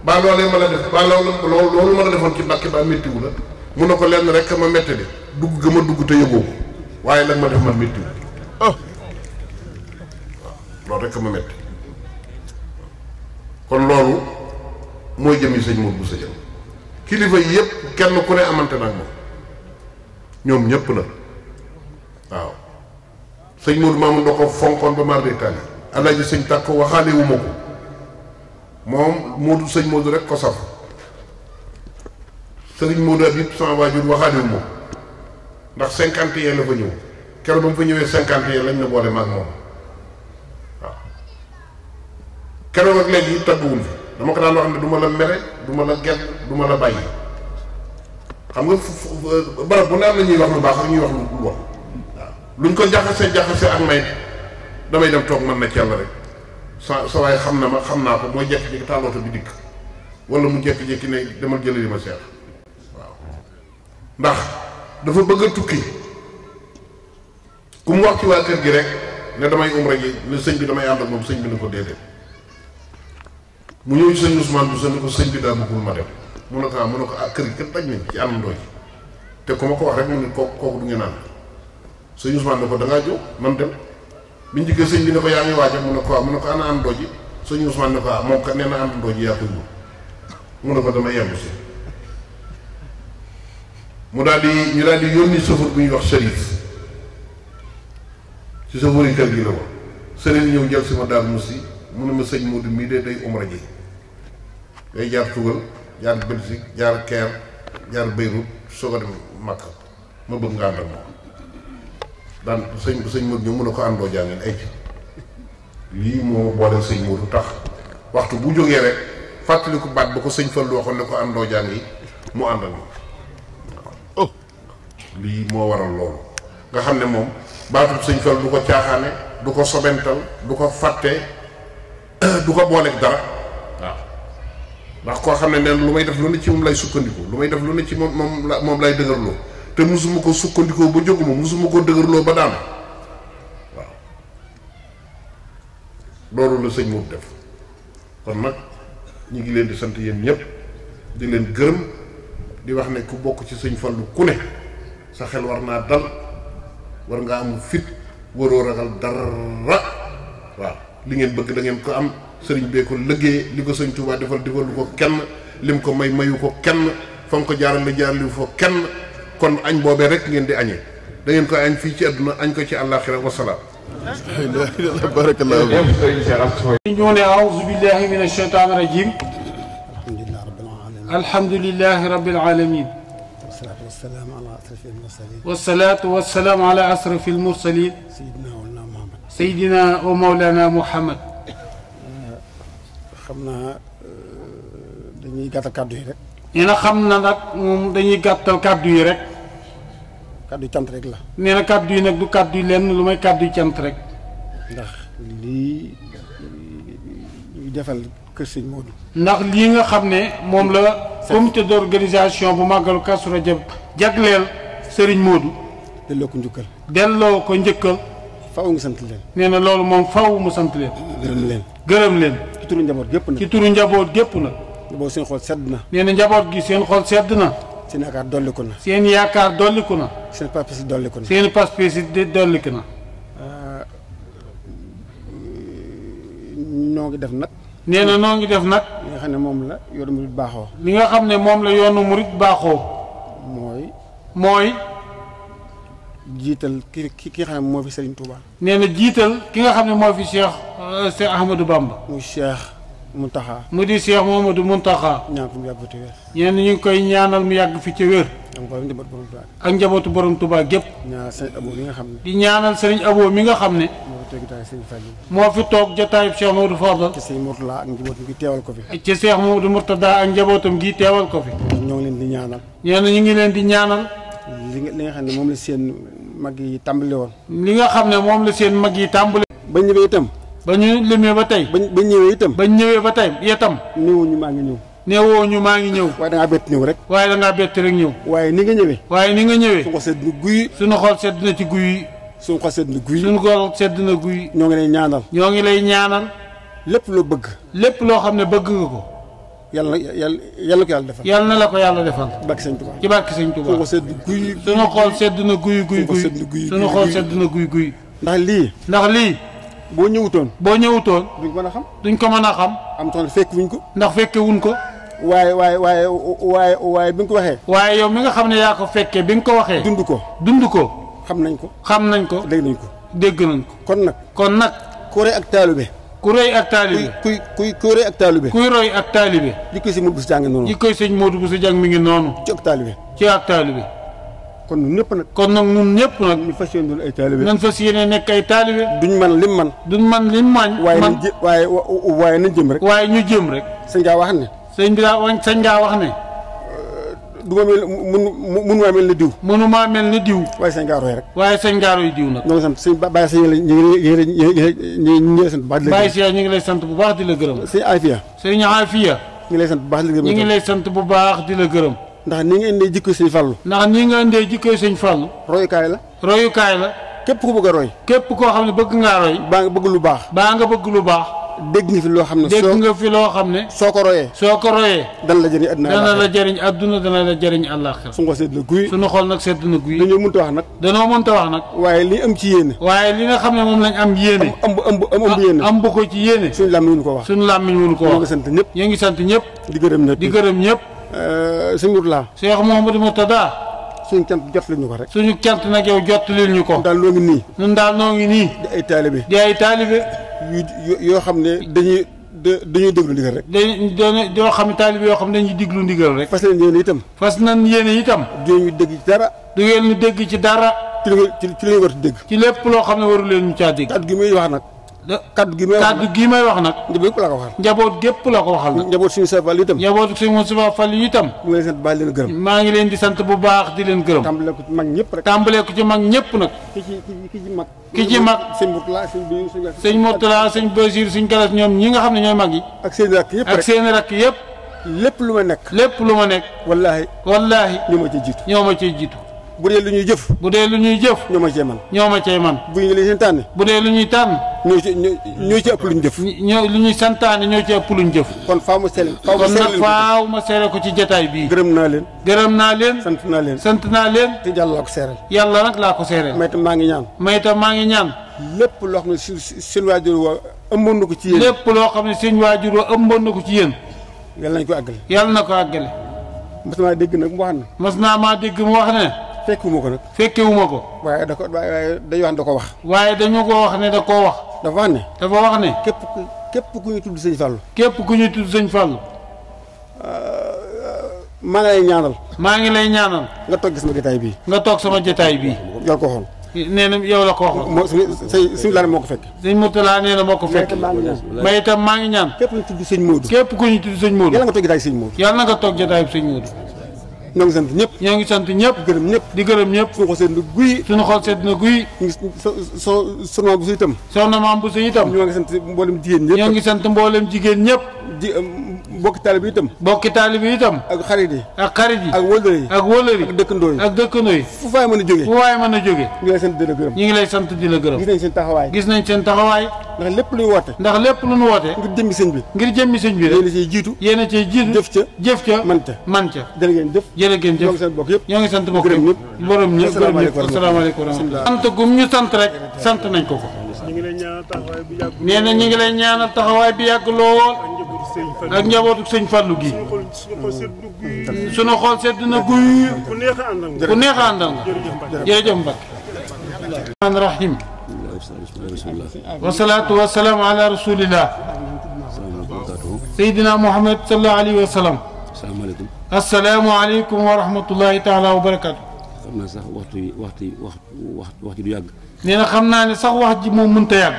[SPEAKER 2] baa loolee ma la def baa loolu ma la defoon ci mbàkke baa méttiwu la mun na ko lenn rek ma métti de dugg ga ma dugg te yëgoo ko waaye nag ma def ma métti ah. kon loolu mooy jëmi sëñ Modou Bousso Dieng kilifa yi yëpp kenn ku ne amante nag moom ñoom ñëpp nag waaw sëñ Modou Mamoun da ko fonkoon ba mar de tànni alaaji sëñ tàkk waxaale ko moom Modou sëñ Modou rek ko saf sëriñ Modou ab yëpp sama waajur waxaale ko ndax cinquante yee la fa ñëw keroog ba mu fa ñëwee cinquante yee lañ na boole maag moom waaw keroog ak léegi tagguwul fi dama ko daan wax ne du ma la mere du ma la gedd du ma la bàyyi xam nga barab bu ne am na ñuy wax lu baax ak ñuy wax lu bon waaw luñ ko jaxase jaxase ak may damay dem toog mën na cell rek sa sa xam na ma xam naa ko mooy jekki-jekki tàllooto dikk wala mu jekki-jekki ne demal jëlali ma seer waaw ndax dafa bëgg a tukki ku mu wax ci waa kër gi rek ne damay umra gi ne sëñ bi damay ànd moom sëñ bi ne ko déedéet mu ñëw ci sëñ Ousmane bu sëñ ko sëñ bi daal bëggul ma dem mun na ko am ah, mun na ko a kër gi kat daj nañ ci anam dooji te ku ma ko wax rek mu ni kooku kooku du ngeen ànd sëñ Ousmane ne ko da ngaa jóg dem biñ njëkkee sëñ bi ne ko yaa ngi waajal mun na ko ah mun na ko ana ànd dooji sëñ Ousmane ne ko ah moom kat nee na ànd dooji yaa koy wut mun na ko dama yemb si mu daal di ñu daal di yónni sëfur bu ñuy wax Chérif ci sëfur yi kër gi ñëw jël ma daal mu si mu ne ma sëñ Modou mii de day umra day jaar tugal jaar Belgique jaar Caire jaar Beyrouth soog a dem Makka ma bëgg nga àndal moom daan sëñ sëñ Mourou ñu mun ko àndoo jàngeen ay lii moo boole sëñ Mourou tax waxtu bu jógee rek fàttaliku baat ba ko sëñ Fallu waxoon ne ko àndoo jàng yi mu àndal moom oh, lii moo waral loolu nga xam ne moom baatub sëñ Fallu du ko caaxaane du ko sobental du ko fàtte du ko booleeg dara ndax koo xam ne neen lu may def lu ne ci moom lay sukkandiku lu may def lu ne ci moom moom la moom lay dëgërloo te musuma ko sukkandikoo ba jóguma musuma ko dëgërloo ba daana waaw loolu la sëñ moom def kon nag ñu ngi leen di sant yéen ñëpp di leen gërëm di wax ne ku bokk ci sëñ Fallu ku ne sa xel war naa dal war nga am fit waroo ragal dara waaw li ngeen bëgg da ko am سرين بيكون لجي لجو سرين توبا دفل دفل لجو كن لم كم ماي مايو كن فم كو لجار لجو كن كون أن بابا رك أني دين كو أن فيتش أدنى أن كو الله خير وسلام بارك الله فيك
[SPEAKER 1] نيون أعوذ بالله من الشيطان الرجيم الحمد لله رب العالمين والسلام على اشرف المرسلين والصلاه والسلام على أسرف المرسلين سيدنا ومولانا محمد سيدنا ومولانا محمد xam naa euh, dañuy gàttal kàddu yi rek. nee na xam na nag moom dañuy gàttal kàddu yi rek. kàddu yi cant rek la. nee na kàddu yi nag du kàddu yi lenn lu may kàddu yi cant rek. ndax lii ñuy defal kër sëñ Modou. ndax lii nga xam ne moom la. comité d'organisation bu màggalu Kazu Rajab jagleel sëriñ Modou. delloo ko njukkal. delloo ko njëkkal. faw ngi sant leen. nee loolu moom faw mu sant leen. gërëm leen. gërëm leen. turu njaboot gépp nag. ci turu njaboot gépp nag. njaboot seen xol sedd na. nee na njaboot gi seen xol sedd na. seen yaakaar dolliku na. seen yaakaar dolliku na. seen pas-pas dolliku na. seen pas-pas dolliku na. noo ngi def nag. nee na noo ngi def nag. li nga xam ne moom la yoonu murit baaxoo. li nga xam ne moom la yoonu murit baaxoo. mooy. mooy. jital ki ki nga xam ne fi Serigne Touba. neena jital ki nga xamne mo fi Cheikh euh, Cheikh Ahmadou Bamba. muy Cheikh muntaha mu di Cheikh mamadou muntaha ñaan fu yagg ci fi ñeen ñu ngi koy ñaanal mu yagg fi ci am ko ndibot borom touba ak njabootu borom Touba gep ñaan Serigne abou mi nga xamne di ñaanal Serigne abou mi nga xamne mo fi tok jotaay serigne fadil mo fi tok jotaay Cheikh mamadou Fadal. ci Serigne Mourtada ak njabootam gi teewal ko fi. ci Cheikh mamadou murtada ak njabootam gi teewal ko fi. ñoo leen di ñaanal. ñeen ñu ngi leen di ñaanal. li nga xamne mom la seen mag yi tàmbali woon. li nga xam ne moom la seen mag yi tàmbali. ba ñëwee itam. ba ñu limee ba tey. ba ba ñëwee itam. ba ñëwee ba tey itam. néewoo ñu maa ngi ñëw. néewoo ñu maa ngi ñëw. waaye da bett ñëw rek. waaye da ngaa bett rek ñëw. waaye ni nga ñëwee. waaye ni nga ñëwee. suñu sedd na guy. suñu xol sedd na ci guy. suñu xol sedd na guy. suñu xol sedd na guy. ñoo ngi lay ñaanal. ñoo ngi lay ñaanal. lépp loo bëgg. lépp loo xam ne bëgg nga ko yàlla yàlla yàlla ko yàlla defal. yàlla na la ko yàlla defal. barke sëñ Tuubaa ci barke sëñ Tuubaa. foo ko sedd guy. sunu xool sedd na guy guy guy sunu xool sedd na guy guy. ndax lii. ndax lii. boo ñëwutoon. boo ñëwutoon. duñ ko mën a xam. duñ ko mën a xam. am tax fekk wuñ ko. ndax fekke wuñ ko. waaye waaye waaye waaye waaye bi nga ko waxee. waaye yow mi nga xam ne yaa ko fekkee bi nga ko waxee. dund ko dund ko. xam nañ ko. xam nañ ko dégg nañ ko. dégg nañ ko. kon nag. kon nag. koore ak taalibe ku roy ak taalibe kuy kuy kuy roy ak taalibe kuy roy ak taalibe jikkoy sëñ Modou Bousso jàng noonu jikkoy sëñ Modou Bousso jàng mi ngi noonu ci ak taalibe ci ak taalibe kon nun ñëpp nag kon nag nun ñëpp nag ñu fas yéene doon ay taalibe nan fas yéene nekk ay taalibe duñ man lim man duñ man lim man waaye nañ jë waaye waaye nañ jëm rek waaye ñu jëm rek sëñ ngaa wax ne sëñ bi daa wañ sëñ ngaa wax ne du ma mel mun munumaa mel ni diw. munumaa mel ni diw. waaye sëñ Gaaro yi rek. waaye sëñ Gaaro yi diw nag. sant sëñ Baye Seye ñu ngi lay ñu ngi lay ñu ngi bu baax di la. Baye Seye ñu ngi lay sant bu baax di la gërëm. sëñ ñu ngi lay sant bu baax di la gërëm. ñu ngi lay sant bu baax di la ndax ni nga indee jikko sëñ Fallou. ndax ni nga indee jikko sëñ Fallou. royukaay la. royukaay la. képp ku bëgg a roy. képp koo xam ne bëgg ngaa roy. baa nga bëgg lu baax. baa nga bëgg lu baax. dégg nga fi loo xam ne. dégg nga fi loo xam ne. soo ko royee. soo ko royee. dana la jëriñ àdduna dana la jëriñ àdduna dana la jëriñ àllaaxira. su nga sedd na guy. suñu xool nag sedd na guy. dañoo mënta wax nag. dañoo mënta wax nag. waaye li am ci yéene. waaye li nga xam ne moom lañ am yéene. am am am am ah, yéene. am bu ko ci yéene. suñu làmmiñ ñu ko wax. suñu làmmiñ ñu ko wax. ñu ngi sant ñëpp. ñu ngi sant ñëpp. di gërëm ñëpp di gërëm ñëpp. Euh, sëñ Mourala. Cheikh Mouhamadou Mourtada. suñu cant jot lañu ko rek. suñu cant nag yow jot leen ñu ko. daal noo ngi nii. ñun daal noo ngi nii. di ay taalibe. di ay taalibe. yu yoo xam ne dañuy dañuy déglu ndigal rek. dañuy dañuy yoo xam ne taalibe yoo xam ne dañuy déglu ndigal rek. fas nañ yéene itam. fas nañ yéene itam. du ngeen dégg ci dara. du ngeen ñu dégg ci dara. ci ci li war a ci lépp loo xam ne waru leen ñu caa dégg. at gi muy wax nag. kaddu gi may wax kaddu gi wax nag. njaboot gépp la ko waxal. njaboot gépp la ko waxal nag. njaboot suñu sa fal itam. njaboot suñu sa fal itam. maa ngi leen leen gërëm. maa ngi leen di sant bu baax di leen gërëm. tàmbalee ko ci mag ñëpp rek. tàmbalee ko mag ñëpp nag. ki ci ki ci mag. ki ci mag sëñ Mourtala sëñ Biir sëñ Mourtala sëñ Basiir sëñ Galas ñoom ñi nga xam ne ñooy mag yi. ak seen rakk yëpp ak yëpp. lépp lu ma nekk. lépp lu ma nekk. wallaahi. wallaahi. ñoo ma ci jiitu ñoo ma ciy jiitu bu dee lu ñuy jëf bu dee lu ñuy jëf ñoo ma cee man ñoo ma cee man bu ñu leen seen tànn bu dee lu ñuy tànn ñoo ci ñoo ci ëpp luñ jëf ñoo lu ñuy ñoo ci ëpp luñ jëf kon faaw sel faaw ma sel faaw ma seere ko ci jotaay bii gërëm naa leen gërëm naa leen sant naa leen sant naa leen te yàlla ko seeral yàlla nag laa ko seeral may tam ngi ñaan may tam ngi ñaan lépp loo xam seen waajur wa ëmboon na ko ci yéen lépp loo xam seen wa ëmboon ko ci yéen yàlla nañ ko àggale yàlla na masna àggale mas mu wax mu wax fekkewuma ko nag. fekkewuma ko. waaye da ko waaye dañu wax da ko wax. waaye dañu ko wax ne da koo wax. dafa wax ne. dafa wax ne. képp ku képp ku ñu tudd sëñ Fallou. képp ku ñu tudd sëñ Fallou. maa ngi lay ñaanal. maa ngi lay nga toog sama jotaay bii. na yow la ko waxoon. moo sëñ sëñ Laane moo ko fekk. na yàlla nga toog jotaay sëñ Modou. yàlla nga ñoo ngi sant ñëpp ñoo ngi sant ñëpp di gërëm ñëpp di gërëm ñëpp suñu xol sedd na guy suñu xol sedd na guy so soxna bu su itam soxna maam bu su itam ñoo ngi sant mboolem jigéen ñëpp ñoo ngi sant mboolem jigéen ñëpp di um, bokki taalib yi itam bokki taalib yi itam ak xarit yi ak xarit yi ak wëllër yi ak wëllër yi ak dëkkandoo yi ak dëkkandoo yi fu faay mën a jógee fu faay mën a jógee ñu ngi lay sant di la gërëm ñu ngi lay sant di la gërëm gis nañ seen taxawaay gis nañ seen taxawaay ndax lépp luy woote ndax lépp lu ñu woote ngir jëmmi sëñ bi ngir jëmmi sëñ bi rek yéen a ciy jiitu yéen a ciy jiitu jëf ca jëf ca man ca man ca jërë ngeen jëf jërë ngeen jëf ñoo ngi sant mbokk yëpp borom ñëpp borom ñëpp sant gum ñu sant rek sant nañ ko ko nee na ngi lay ñaanal taxawaay bi yàgg lool ak njabootu sëñ Fallou gi suñu xool guy ku neex rahim ala rasulillah Muhammad sallallahu alaihi wasallam. السلام عليكم ورحمة الله تعالى وبركاته خمنا سخ وقتي وقتي وقت وقت وقت يجع نينا خمنا نسخ واحد جم من تيجع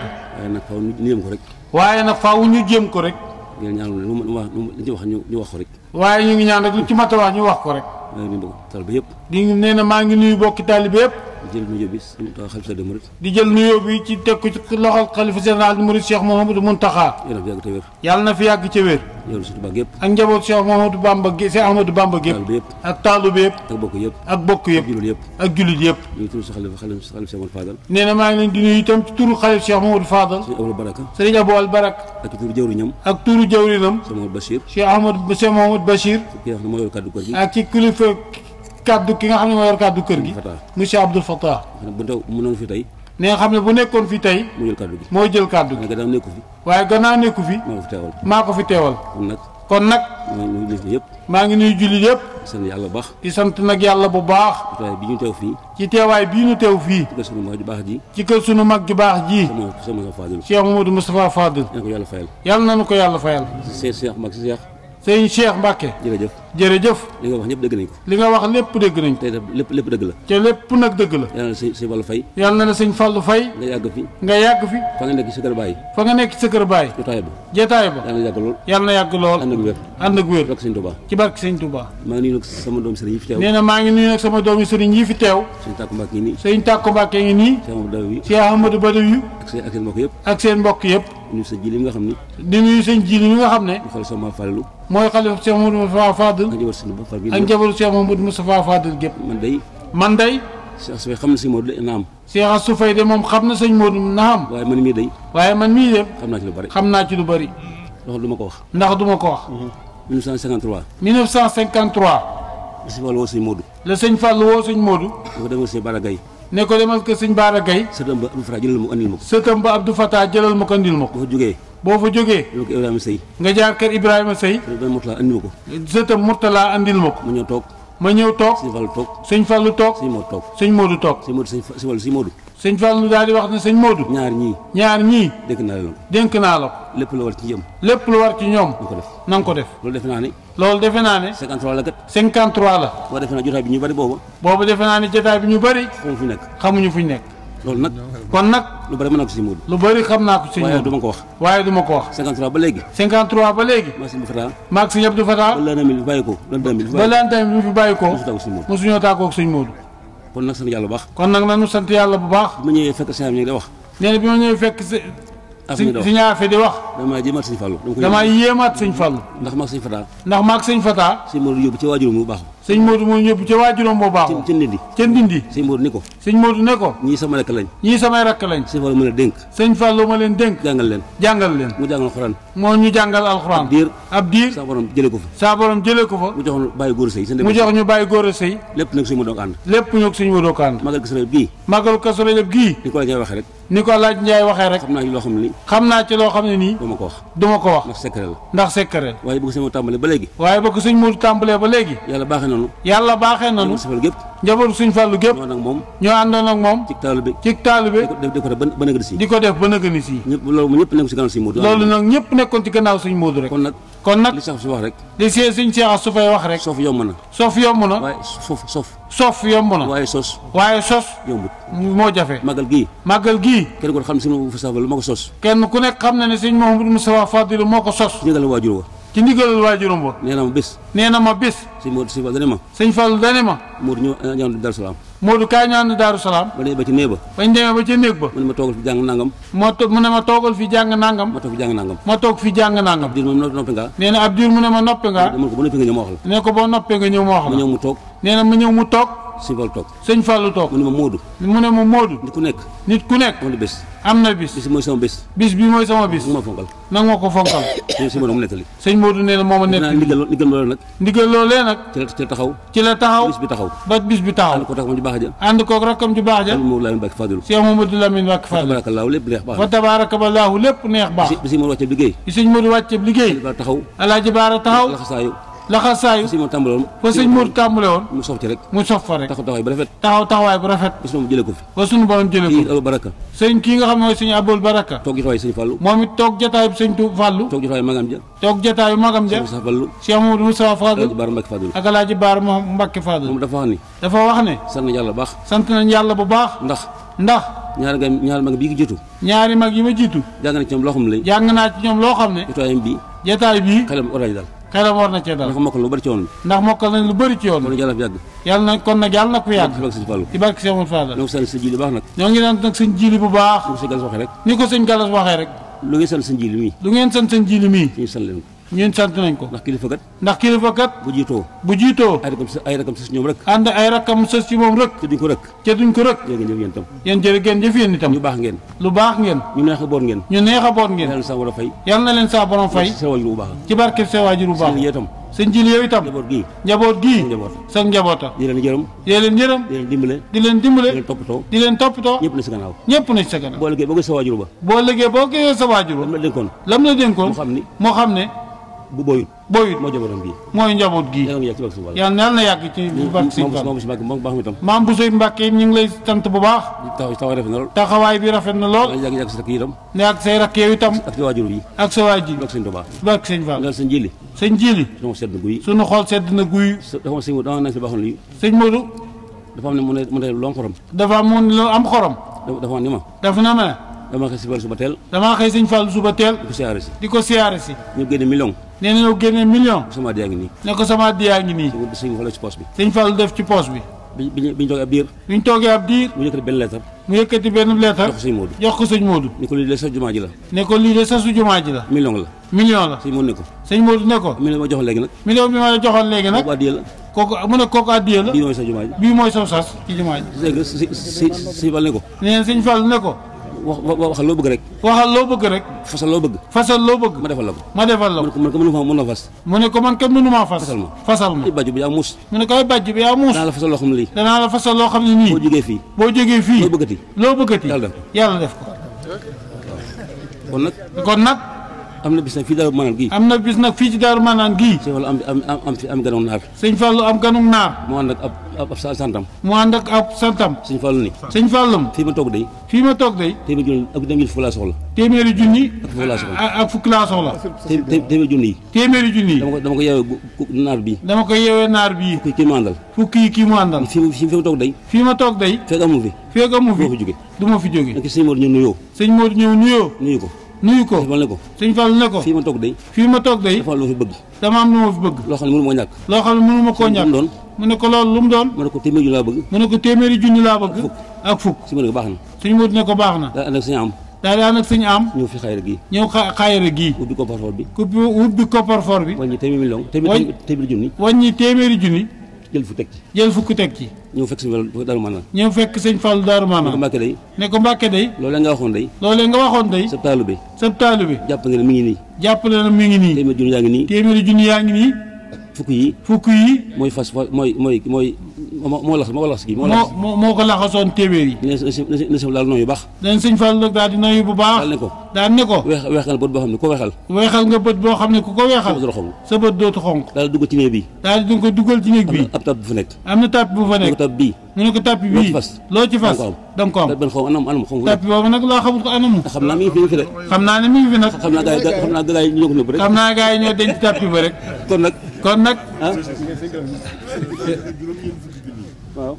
[SPEAKER 1] أنا آه، فاون نجيم خورك واي أنا فاون نجيم خورك نيجي نعلم نوم نوم نوم نجوا خن نجوا خورك واي نيجي نعلم نجوا كم تروح نجوا خورك آه، نيجي نبغى تربيب نيجي نينا ما نيجي نبغى كتالي بيب di jël nuyoo bi sëñ Muntaxa xalifa de Mouride. di jël nuyoo bi ci teg ko ci loxol xalifa général de Mouride Cheikh Mouhamadou Mountakha. yàlla na fi yàgg ca wér. yàlla na fi yàgg ca wér. ak njaboot Cheikh Mouhamadou Bamba gi Cheikh Ahmadou Bamba gépp. ak taalib yëpp. ak bokk yëpp. ak jullit yëpp. ak maa ngi leen di itam ci turu xalifa Cheikh Mouhamadou Fadal. sëñ Abou Baraka. sëñ Abou Al Baraka. ak turu jawriñam. ak turu jawriñam. ak ci kilifa kaddu ki nga xam ne moo yor kaddu kër gi. monsieur Abdoul Fattah. bu ndaw mënoon fi tey. ne nga xam ne bu nekkoon fi tey. moo jël kaddu gi moo jël kaddu gi. gannaaw nekku fi. waaye gannaaw nekku fi. maa ko fi teewal maa ko fi teewal. kon nag kon nag. maa ngi nuyu jullit yëpp. maa ngi nuyu jullit yëpp. di sant yàlla bu baax. di sant nag yàlla bu baax. teewaay bi ñu teew fii. ci teewaay bii ñu teew fii. ci kër sunu mag ju baax ji. ci kër sunu mag ju baax ji. Cheikh Mamadou Moustapha Fadil. Cheikh Mamadou Moustapha Fadil. yàlla na ko yàlla fayal. yàlla na ko yàlla fayal. Cheikh Cheikh mag Cheikh. sëñ cheikh jeuf jere jeuf li nga wax ñep dëgg nañ ko li nga wax lepp dëgg nañ tay lepp lepp dëgg la te lepp nak dëgg la yalla na sëñ fàllu fay yalla na la fallu fay nga yag fi nga yag fi fa nga nek ci keur baay fa nga nek ci keur baay jotaay ba jotaay ba yalla yag lool yalla na yag lool and ak wér and ak wér barke sëñ Touba ci barke sëñ Touba ma ngi nak sama doomi serigne yi fi tew neena ma ngi nuyu nak sama doomi serigne yi fi tew sëñ takku mbàkke ni nii takku tàkku ni ngi nii cheikh ahmadou badawi ak seen mbokk yep ak seen mbokk yep di nuyu sëñ ji li nga xam ni di nuyu sëñ ji li nga xam ne mooy xalifa Cheikh Mouhamadou Fadilou mooy xalifa Cheikh Mouhamadou Moustapha Fadil ak njabaru Cheikh Mouhamadou Moustapha Fadil gépp man day man day Cheikh Assoufay xam na sëñ Modou naam Cheikh Assoufay de moom xam na sëñ Modou waaye man mii day waaye man mii de xam naa ci lu bari xam naa ci lu bari ndax du ma ko wax ndax du ma ko wax 1953 mhm. la sëñ Fall woo sëñ Modou la sëñ Fall woo sëñ Modou da ko demal sëñ Bara Gaye ne ko demal ko sëñ Baara Gaye sëtam ba Abdou Fatah jëlal ma ko andil ma ko sëtam ba Abdou Fatah jëlal ma ko andil ma ko boo fa jógee boo fa jógee jëlal ko Ibrahima Sëy nga jaar kër Ibrahima Sëy sëtam Murtala andil ma ko sëtam Murtala andil ma ko ma ñëw toog ma ñëw toog sëñ Fallu toog sëñ Fallu toog sëñ Moodu toog sëñ Moodu toog sëñ Moodu sëñ Fallu sëñ Moodu sëñ Fallou daal di wax ne sëñ Modou. ñaar ñii. ñaar ñii. dénk naa la ko. naa la ko. lépp lu war ci ñoom. lépp lu war ci ñoom. na ko def na nga loolu defe naa ne. loolu defe naa ne. 53 la kat. 53 la. boo defe naa jotaay bi ñu bari boobu. boobu defe naa ne jotaay bi ñu bari. xamuñu fu nekk. fu ñu nekk. loolu nag. kon nag. lu bari mën naa ko sëñ Modou. lu bari xam naa ko sëñ Modou. waaye du ko wax. waaye du ma ko wax. 53 ba léegi. 53 ba léegi. maag sëñ Abdou Fatah. maag sëñ Abdou Fatah. ba l'an 2000 bi fi bàyyi ko. ba l'an 2000 kon nag sant yàlla bu baax. kon nag nañu sant yàlla bu baax. bi ma ñëwee fekk si ñu di wax. nee na bi ma ñëwee fekk si. si ñaafe di wax. damaa yéemaat sëñ Fallou. damaa yéemaat sëñ Fallou. ndax maag sëñ Fata. ndax maag sëñ Fata. sëñ Modou yóbbu ci waajuram bu baax. sëñ Modou moo ñëpp ca waa juróom boo ca ndindi sëñ Modou ne ko sëñ Modou ne ko ñii sama rakk lañ ñii samay rakk lañ sëñ Fallou ma leen dénk sëñ Fallou ma leen dénk jàngal leen mu jàngal alxuraan moo ñu jàngal alxuraan diir ab diir saa borom ko fa saa borom ko fa mu jox ñu bàyyi góor a sëy mu jox ñu bàyyi góor a sëy lépp nag sëñ Modou ko ànd lépp ñoo sëñ Modou ko ànd magal kasolé gii magal kasolé gii ni ko laaj Njaay waxee nanu yàlla baaxee nanu njabootu suñ fàllu gépp ñoo àndoon ak moom ci taalibe ci taalibe di ko def ba nëgëni si di ko def ba nëgëni si loolu ñëpp nekkoon ci gannaaw suñ Moodu loolu nag ñëpp nekkoon ci gannaaw suñ Moodu rek kon nag kon nag li sax su wax rek li see suñ seex su fay wax rek soof yomb na soof yomb na waaye soof soof soof yomb na waaye sos waaye sos moo jafe màggal gii màggal gii kenn ku xam ne suñ Mouhamadou Moustapha Fadilu moo ko sos moo ko sos ndigal waajur wa ci ndigalal waajuram ba nee na ma bés nee na ma bés sëñ Modou sëñ Fall dane ma sëñ Fall dane ma Modou ñëw ñaan Daaru Salaam Modou kaay ñaan Daaru Salaam ba demee ba ci néeg ba bañ demee ba ci néeg ba mu ne ma toogal fi jàng nangam moo mu ne ma toogal fi jàng nangam ma toog fi jàng nangam ma toog fi jàng nangam diir mu noppi nga nee na ab diir mu ne ma noppi nga mën ko ba noppee nga ñëw ma wax la ne ko ba noppee nga ñëw ma wax la ñëw mu toog nee na mu ñëw mu toog sëñ Fallou toog sëñ Fallou toog mu ne ma Moodu mu ne ma Moodu nit ba bis lépp neex baax bi sëñ Moodu wàcce liggéey bi sëñ Moodu wàcce liggéey alaaji baara taxaw laxasaayu sëñ Mor tàmbale woon fa sëñ Mor tàmbale woon mu sof rek mu sof fa rek taxaw taxawaay bu rafet taxaw bu rafet ko fi borom ko baraka sëñ kii nga xam ne abul baraka Tok jotaayu sëñ Fallou moom tok toog jotaayu tu Tou Tok toog magam ja Tok jotaayu magam ja Moussa Fallou Cheikh Mamadou Moussa Fallou Baar Mbacke Fadou ak Alaaji Baar moom Mbacke Fadou moom dafa wax ni dafa wax ne sant nañ yàlla baax sant nañ yàlla bu baax ndax ndax ñaari gam ñaari mag bi jiitu ñaari mag na ci ci bi jotaay bi xelam orange dal xelam war na cee dal ndax mokkal lu bëri yoon ndax mokkal nañ lu bëri yoon bi yàlla fi yàgg yàlla na kon nag yàlla na ku yàgg ci barke Sëñ Fallou ñoo ngi jili bu baax nag ñoo ngi naan nag sëñ jili bu baax ni ko sëñ Galas waxee rek ni ko sëñ Galas waxee rek lu ngeen sant sëñ jili lu ngeen sant sëñ jili ñun sant nañ ko ndax kilifa kat ndax kilifa kat bu jito bu jito ay rakam ay rakam sës ñoom rek and ay rakam sës ci mom rek ci duñ ko rek ci duñ ko rek yeen ngeen yeen tam yeen jërë ngeen jëf yeen itam lu baax ngeen lu baax ngeen ñu neexa boor ngeen ñu neexa boor ngeen yalla sa wala fay yalla na leen sa borom fay ci lu baax ci barke sa lu baax yeetam señ jil yow itam njaboot gi njaboot gi sa njaboota di leen yërëm di leen yërëm di leen dimbale di leen dimbale di leen toppatoo di leen toppatoo ñëpp na ci gannaaw ñepp na ci gannaaw bo liggéey bo ko sa waji lu ba bo liggéey bo ko sa waji lu lam la denkon lam la mo moo xam ne bu booyut booyut moo jamonoon bii mooy njaboot gii yàlla na na yàgg ci bak si maam bu soy Mbàkke yi ñu ngi lay sant bu baax taxawaay bi rafet na lool ne ak say rakk yow itam ak sa waajur yi ak sa waajur ak sëñ Tuubaa bak sëñ Fall sëñ Jili sëñ xool sedd na guy sëñ Modou dafa am ne mu ne ne lu am xorom dafa am ne lu am xorom dafa am ni ma dafa na ma damaa xëy sëñ Fall suba teel damaa xëy sëñ Fall suba teel di ko siyaare si di ko siyaare si ñu génne neen na yow génnee million. sama diyaa ngi nii. ne ko sama diyaa ngi nii. sëñ Fallou poos bi. sëñ Fallou def ci poos bi. bi bi ñu toogee ab diir. bi jox ko sëñ Modou. jox ko sëñ Modou. ne ko lii de sa jumaa ji la. ko lii de sa su jumaa ji la. million la. million la sëñ Modou ne ko. sëñ Modou ne ko. million bi ma joxoon léegi nag. million la ko. nee na sëñ Fall ne ko. waxal loo bëgg rek waxal loo bëgg rek fasal loo bëgg fasal loo bëgg ma defal la ko ma defal la ko man ko mënuma mënuma fas mu ne ko man kenn mënuma fas fasal ma fasal ma bàjj bi yaa muus mu ne ko ay bàjj bi yaa muus danaa la fasal loo xam ne lii danaa la fasal loo xam ne nii boo jógee fii boo jógee fii loo bëggati loo bëggati yàlla def yàlla def ko kon nag kon nag am na bis nag fii daaru manaan gii am bis nag fii ci daaru manaan gii sëñ Fallou am am am fi am ganug naar sëñ Fallou am ganug naar mu ànd ab ab santam mu ànd ak ab santam sëñ Fallou ni sëñ Fallou fii ma toog day fii ma toog day téeméeri junni ak téeméeri fukk laa soxla téeméeri junni ak fukk laa soxla téeméeri junni yi téeméeri junni yi dama ko yeewee naar bii dama ko yeewee naar bii fukki kii mu àndal fukki kii mu àndal fii fii ma toog day fii ma toog day fekk amu fi fekk amu fi jóge du ma fi jóge ak sëñ Modou ñëw nuyoo sëñ Modou ñëw nuyoo nuyu ko nuyu ko ne ko sëñ Fall ne ko fii ma toog day fii ma toog day dafa am lu ma fi bëgg dama am lu ma fi bëgg loo xam ne mënu ma ñàkk loo xam ne mënu ma koo ñàkk doon mu ne ko loolu lu mu doon mu ne ko téeméeri junni laa bëgg mu ne ko téeméeri junni laa bëgg ak fukk su ma ne ko baax na suñu mut ne ko baax na daal nag suñu am daal nag suñu am ñëw fi xayira gi ñëw xayira gii ubbi coffre-fort bi ubbi ubbi coffre-fort bi wàññi téeméeri million téeméeri junni wàññi téeméeri junni jël fukk teg ci jël fukk teg ci ñëw fekk sëñ Daaru Manaan ñëw fekk sëñ Fallu Daaru Manaan ne ko Mbàkke day ne ko Mbàkke day loolee nga waxoon day loolee nga waxoon day sab bi sab taalu bi jàpp nga ne mi ngi nii jàpp na mi ngi nii téeméeri junni yaa ngi ngi nii fukk yi fukk yi mooy fas mooy mooy mooy moo lax moo lax gi moo moo ko laxasoon téeméer yi ne sëñ daal nooyu baax dañ sëñ Fall nag daal di nooyu bu baax daal ne ko daal ne ko weex weexal bët boo xam ne ko weexal weexal nga bët boo xam ne ku ko weexal sa bët dootu xonq daal dugg ci néeg bi daal di ko dugal ci néeg bi ab tàpp bu fa nekk am na tàpp bu fa nekk tàpp bii ñu ne ko tàpp bii loo ci fas da nga ko am ben xaw anam anam xaw tàpp boobu nag laa xamul ko anam xam naa mi ngi fi fi de xam naa ne mi ngi fi nag xam naa gars yi ñoo ko nëbb rek xam naa gars yi ñoo denc tàpp ba rek kon nag kon nag ah. waaw.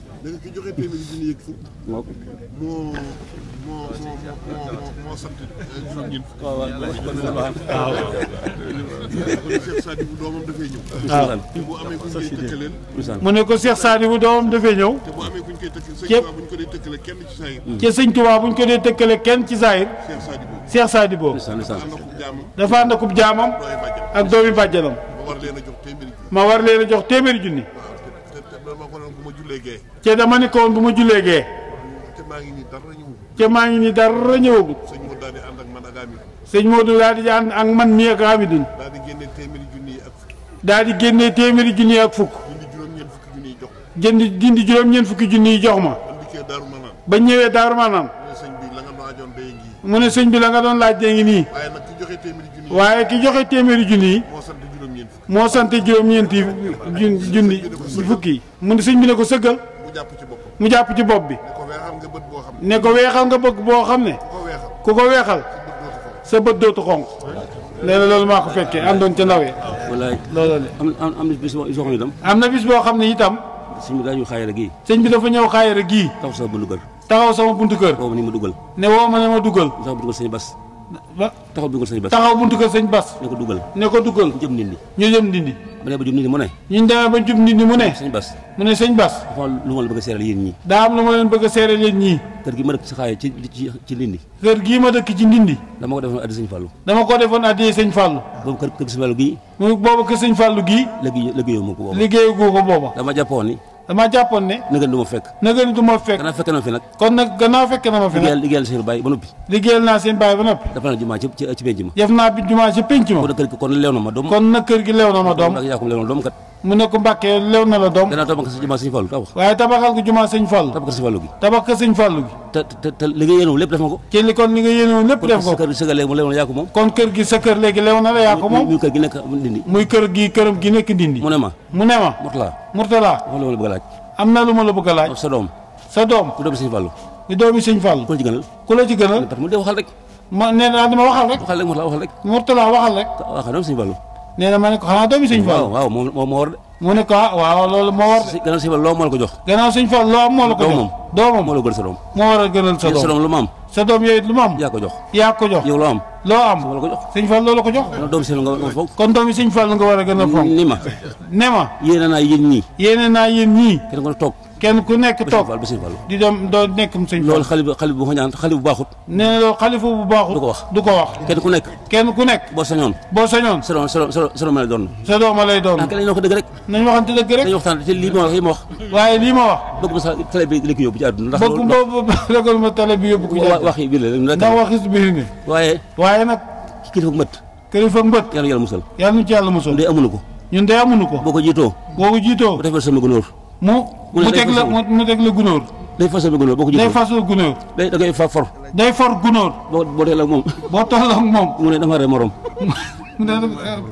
[SPEAKER 2] moo moo moo moo sant juróom-ñeent fukki. waaw waaw Cheikh Sadibou doomam dafay ñëw. bu amee
[SPEAKER 1] kuñ koy tëkkaleel. mu ne ko Cheikh Sadibou doomam dafay ñëw. te bu amee kuñ koy tëkkaleel ko dee tëkkale kenn ci saayir. te sëñ Tuubaa buñ ko dee tëkkale kenn ci saayir. Cheikh Sadibou. Cheikh Sadibou. dafa ànd jaamam. ak doomi bàjjanam. ma war leen a jox téeméeri junni. ma te dama ne ko woon bu ma jullee gee. ca maa ngi nii dara ñëwagul. sëñ Modou daal di ànd ak man ak Amidou. sëñ Modou daal di ànd ak man mii ak Amidou. daal di génne téeméeri junni ak fukk. daal di génne téeméeri junni juróom-ñeent fukki junni yi jox ma. jënd dindi juróom-ñeent fukki junni ba ñëwee Daaru Manaan. mu ne sëñ bi la nga doon laaj dee ngi nii. waaye ki joxe téeméeri junni yi. moo sant juróom-ñeenti junni fukki. mu ne sëñ bi ne ko sëggal. mu jàpp ci bopp bi. ne ko weexal nga bëgg boo xam ne ku ko weexal sa bët dootu xonq nee na loolu maa ko fekkee àndoon ca ndawee walaay loolu am am na bis boo xam ne itam am na bis boo xam ne itam sëñ bi daañu xaayara gii sëñ bi dafa ñëw xaayara gii taxaw sama buntu kër taxaw sama buntu kër woo ma ne ma dugal ne woo ma ne ma dugal sax bu dugal sëñ bas taxaw buntu kër sëñ Bas. taxaw buntu kër sëñ Bas. ne ko dugal ne ko dugal. ñu jëm nit ñi ba ne ba jub nit ñi mu ne. ñu demee ba jub nit ñi mu ne. sëñ Bas mu ne sëñ Bas. dafa am lu ma leen bëgg a seeral yéen ñii. daa lu ma leen bëgg a seeral yéen ñii. kër gi ma dëkk ci ndindi. kër gii ma dëkk ci ndindi. dama ko defoon addi sëñ Fallou. dama ko defoon addi sëñ Fallou. boobu boobu kër sëñ Fallou gii. liggéey liggéeyoo ma ko boobu liggéeyoo ko boobu. dama jàppoon damaa jàppoon ne naka du ma fekk naka du ma fekk gannaaw fekk na ma fi nag kon nag kon nag kër gi kon la doom kon kër gi sa kër léegi mu leew na moom kon kër gi sa kër léegi leew la yaa moom muy kër gi nekk dindi muy kër gi këram gi nekk dindi mu ne ma mu ne ma Mourtala Mourtala a am na lu ma la bëgg a laaj. sa doom sa doom. ku doomi sëñ Fallou. di doomi sëñ Fallou. ku la ci gënal. ku la ci gënal. mu dee waxal rek. ma nee naa dama waxal rek. waxal rek Mourtala waxal rek. Mourtala waxal rek. waxal doomi sëñ Fallou. nee ma ne ko xanaa doomi sëñ Fallou. waaw waaw war de. mu ne ko ah a loolu moo war de. gannaaw sëñ Fallou loo moo la ko jox. gannaaw sëñ Fallou loo moo sa doom. moo war a gënal sa doom lu ma sa doom yooyu lu mu am. yaa ko jox yaa ko jox. yow am loo am. loo ko jox ko jox. kon doom yi sëñ Fall nga war a gën a fonk. ni ma ne naa yéen ñii. yéene naa yéen ñii. kenn ku nekk toog di dem doo nekk sëñ Fall. loolu xale bu xale bu ko ñaan xale bu baaxut. nee na loolu bu baaxut. du ko wax du ko wax. kenn ku nekk. kenn ku nekk. boo sañoon. boo sañoon. sa doom sa doom sa doom doon. sa doom ah, kenn dañu wax dëgg rek. nañu waxante dëgg rek. dañu waxtaan wax waaye lii ma wax. ko yóbbu ci àdduna. ndax loolu bëgg ma tale bi yóbbu ko wax yi biir la rek ndax wax yi biir ni waaye waaye nag kilifa mbët kilifa mbët yàlla yàlla musal yàlla nu ci yàlla musal de amuñu ko ñun de amuñu ko boo ko jiitoo boo ko jiitoo bu defal sama gunóor mu mu teg la mu teg la gunóor day gunóor boo ko jiitoo day fas da ngay fa for moom boo toll moom mu ne dama re mu ne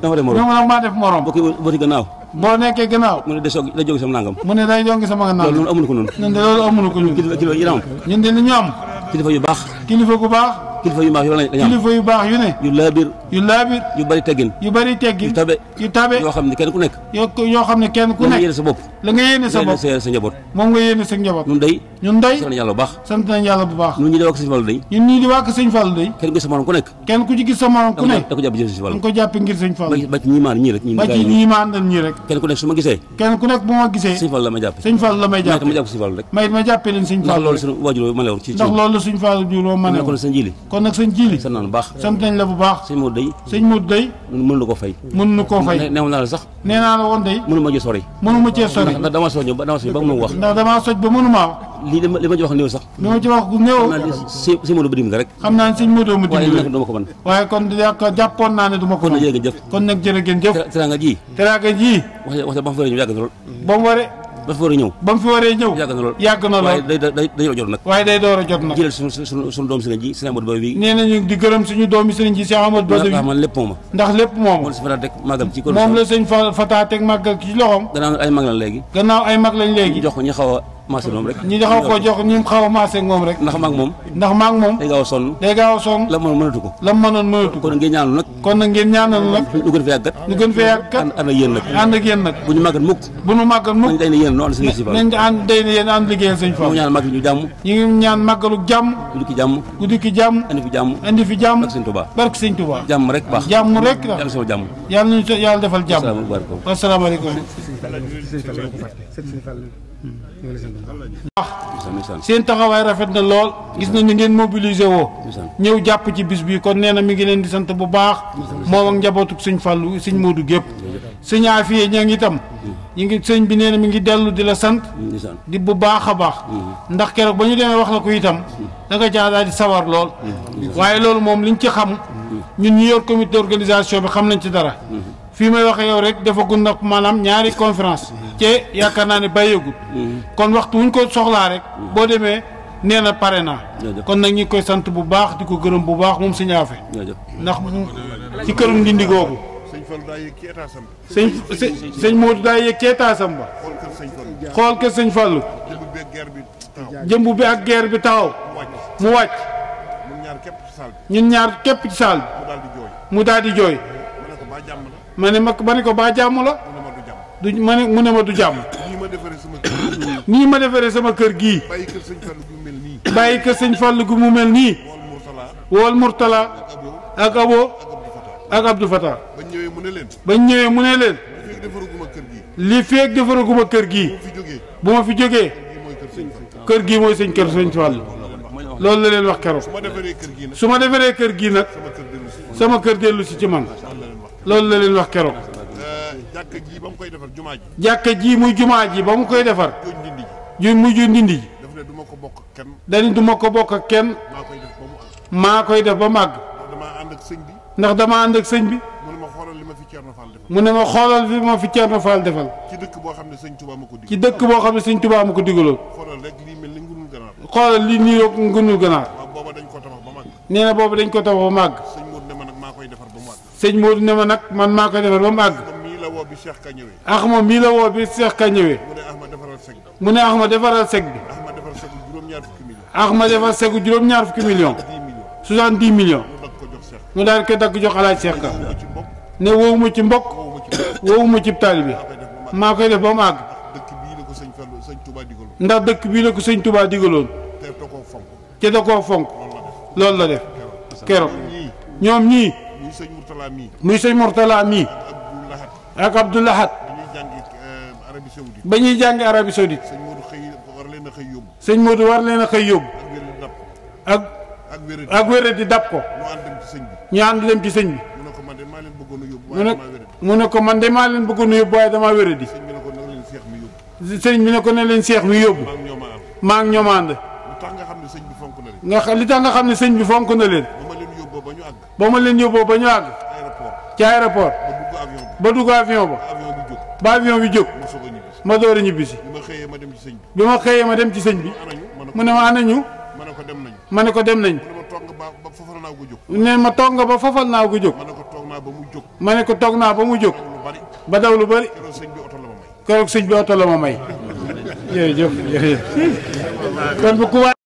[SPEAKER 1] dama re morom dama boo ko boo ci gannaaw boo nekkee gannaaw mu ne da soog da jóg sama nangam mu ne day jóg sama nangam loolu amuñu ko noonu ñun de loolu amuñu ko ñun kilifa yi am ñun de li ñu am kilifa yu baax kilifa gu baax kilifa yu baax yu lañ am kilifa yu baax yu ne yu laabir yu laabir yu bari teggin yu bari teggin yu tabe yu tabe yoo xam ne kenn ku nekk yoo xam ne kenn ku nekk la nga yéene sa bopp la nga yéene sa bopp sa njaboot moom nga yéene sa njaboot ñun day ñun day sant nañ yàlla bu baax sant nañ yàlla bu baax ñun ñi di wàkk sëñ Fallu day ñun ñi di wàkk sëñ Fallu day kenn ku gis sa morom ku nekk kenn ku ci gis sa morom ku nekk da ko jàpp ngir sëñ Fallu da ko jàpp ngir sëñ Fallu ba ci ñii maan ñii rek ñii maan dañ ñii rek kenn ku nekk su ma gisee kenn ku nekk bu ma gisee sëñ Fall la may jàppe sëñ Fall la may jàppe ma jàpp sëñ Fall rek may ma jàppe leen sëñ Fall ndax loolu suñu waajur ma ne woon ci ndax loolu la sëñ Fall juroo ma ne kon sëñ Jili kon nag sëñ Jili sant nañu baax sant nañ la bu baax sëñ Modou day sëñ Modou day mën na ko fay mën na koo fay neew naa la sax nee naa la woon day mënu ma ci sori mënu ma cee sori ndax dama soj ba dama soj ba mënu ma wax ndax dama soj ba mënu maa wax lii li ma ci wax néew sax li ma ci wax gu néew sëñ Modou ba dimbali rek xam naa ne sëñ Modou ma dimbali waaye nag duma ko mën waaye kon jàppoon naa ne duma ko kon nag jërë ngeen jëf kon nag jërë ngeen jëf teraanga ji teraanga ji wax wax ba mu fa waree ñëw yàgg na lool. ba mu waree. ba mu fa waree ñëw. ba mu fa yàgg na lool yàgg na lool waaye day door a jot nag. waaye a jot nag. jëlal suñu suñu suñu doom sëriñ ji sëriñ Amadou Ba bi. nee nañu di gërëm suñu doomi sëriñ ji sëriñ Amadou Ba bi. moom la sëñ Fata teg màggal ci ci loxoom. gannaaw ay mag lañ léegi. gannaaw ay mag lañ léegi. jox ko ñu xaw a maase moom rek ñu joxaw koo jox ñu xaw a maase moom rek ndax maag moom ndax maag moom day gaaw a sonn day a ko la mënoon ko kon ngeen ñaanal nag kon ngeen ñaanal nag ñu gën fee yàggat ñu gën fee yàggat ànd ak yéen nag ànd ak yéen nag bu ñu màggat mukk bu ñu màggat mukk day na yéen noo ànd ñaan màggal ñu jàmm ki jàmm guddi ki jàmm andi fi jàmm andi fi jàmm barke sëñ Touba barke sëñ wax seen taxawaay rafet na lool gis ni ngeen mobilisé woo ñëw jàpp ci bis bi kon nee na mi ngi leen di sant bu baax moom ak njabootuk sëñ fàllu sëñ moodu gépp sëñ afiye ña ngi itam mm. ñi ngi sëñ bi nee na mi ngi dellu di la sant di bu baax a baax mm. ndax keroog ba ñu demee wax la ko itam mm. danga nga caa di sawar lool waaye loolu moom liñ ci xam ñu ñu yor comité d'organisation bi xam nañ ci dara fii may waxee yow rek dafa gun nag maanaam ñaari conférence cee yaakaar naa ne bàyyeegul mm-hmm. kon waxtu wuñ ko soxlaa rek mm-hmm. boo demee nee na pare naa kon nag ñi koy sant bu baax di ko gërëm bu baax moom sëñ Afe ndax ci kërum ndindi googu sëñ sëñ Moodu daa yëg cee taasam ba xool kër sëñ Fallu jëmb bi ak guerre bi taxaw mu wàcc ñun ñaar képp ci saal bi mu daal di jooy ma ne ma ma ne ko baa jàmm la du ma ne mu ne ma du jàmm. nii ma defaree sama kër gii. ma
[SPEAKER 2] defaree sama kër gii. bàyyi kër sëñ Fall gu mu mel
[SPEAKER 1] nii. bàyyi kër sëñ Fall gu mu mel nii. wool Mourtala. ak Abo ak Abdou Fatah. bañ ñëwee mu ne leen. bañ ñëwee mu ne leen. li feeg defaraguma kër gii. bu ma fi jógee. kër gii mooy sëñ kër sëñ Fall. loolu la leen wax keroog. su ma defaree kër gii nag. sama kër dellu si ci man. loolu la leen wax keroog. jàkka ji ba mu koy defar jumaa ji. ba mu koy defar. ju ndindi ju ndindi ji. daf ne du ma ko bokk ak kenn. dañu du ma ko bokk ak kenn. maa koy def ba mu àgg. maa koy
[SPEAKER 2] def ba mu àgg.
[SPEAKER 1] ndax damaa ànd ak sëñ bi. ndax damaa bi. mu ne ma xoolal li ma fi Thierno Fall defal. mu ne ma xoolal li ma ci dëkk boo xam ne sëñ Touba ma ko digal. boo xam ne sëñ Touba ma ko digaloon. xoolal rek lii mel ni ngunul nii rek ngunul ganaar. booba ko tabax ba màgg. nee na booba dañ ko tabax ba màgg. sëñ Modou ne ma nag maa koy defar ba mu àgg. ne ma nag man maa koy defar ba mu Cheikh Ka ñëwee. ak moom mii la woo bi Cheikh Ka ñëwee. mu ne Axma defaral seg bi. mu ne Axma defaral seg bi. Axma
[SPEAKER 2] defar segu juróom-ñaar fukki
[SPEAKER 1] millions. Axma defar segu juróom-ñaar fukki millions. 10 millions 70 millions. mu daal koy dagg jox alaaj Cheikh Ka. ne woowu ma ci mbokk. woowu ma ci taali bi. maa koy def ba mu àgg. ndax dëkk bii la ko sëñ Touba digaloon. te da koo fonk. loolu la def. keroog ñoom ñii. muy sëñ Mourtala mii. ak Abdou Lahad ba ñuy jàngi Arabie Saoudite sëñ Modou xëy war leen a xëy yóbbu sëñ Modou war leen a xëy yóbbu ak ak wéré di dab ko ñu ànd dem ci sëñ bi mu ne mu ne ko man de maa leen bëggoon a yóbbu waaye damaa wéré di sëñ bi ne ko ne leen seex mi yóbbu maa ngi ñoom ànd nga xam li tax nga xam ne sëñ bi fonk na leen ba ma leen yóbboo ba ñu àgg ci aéroport ba dugg avion ba. ba avion bi jóg. ma door a ñibbisi.
[SPEAKER 2] bi ma xëyee ma dem ci sëñ bi.
[SPEAKER 1] bi ma xëyee ma dem ci sëñ bi. mu ne ma ana ñu. ma ne ko dem nañ. ma ne ko dem nañ. ne ma toog nga ba fafal naaw ko jóg. ma ne ko toog naa ba mu jóg. ma ne ko toog naa ba mu jóg. ba daw lu bëri. keroog sëñ bi oto la ma may. jërëjëf jërëjëf kon bu ku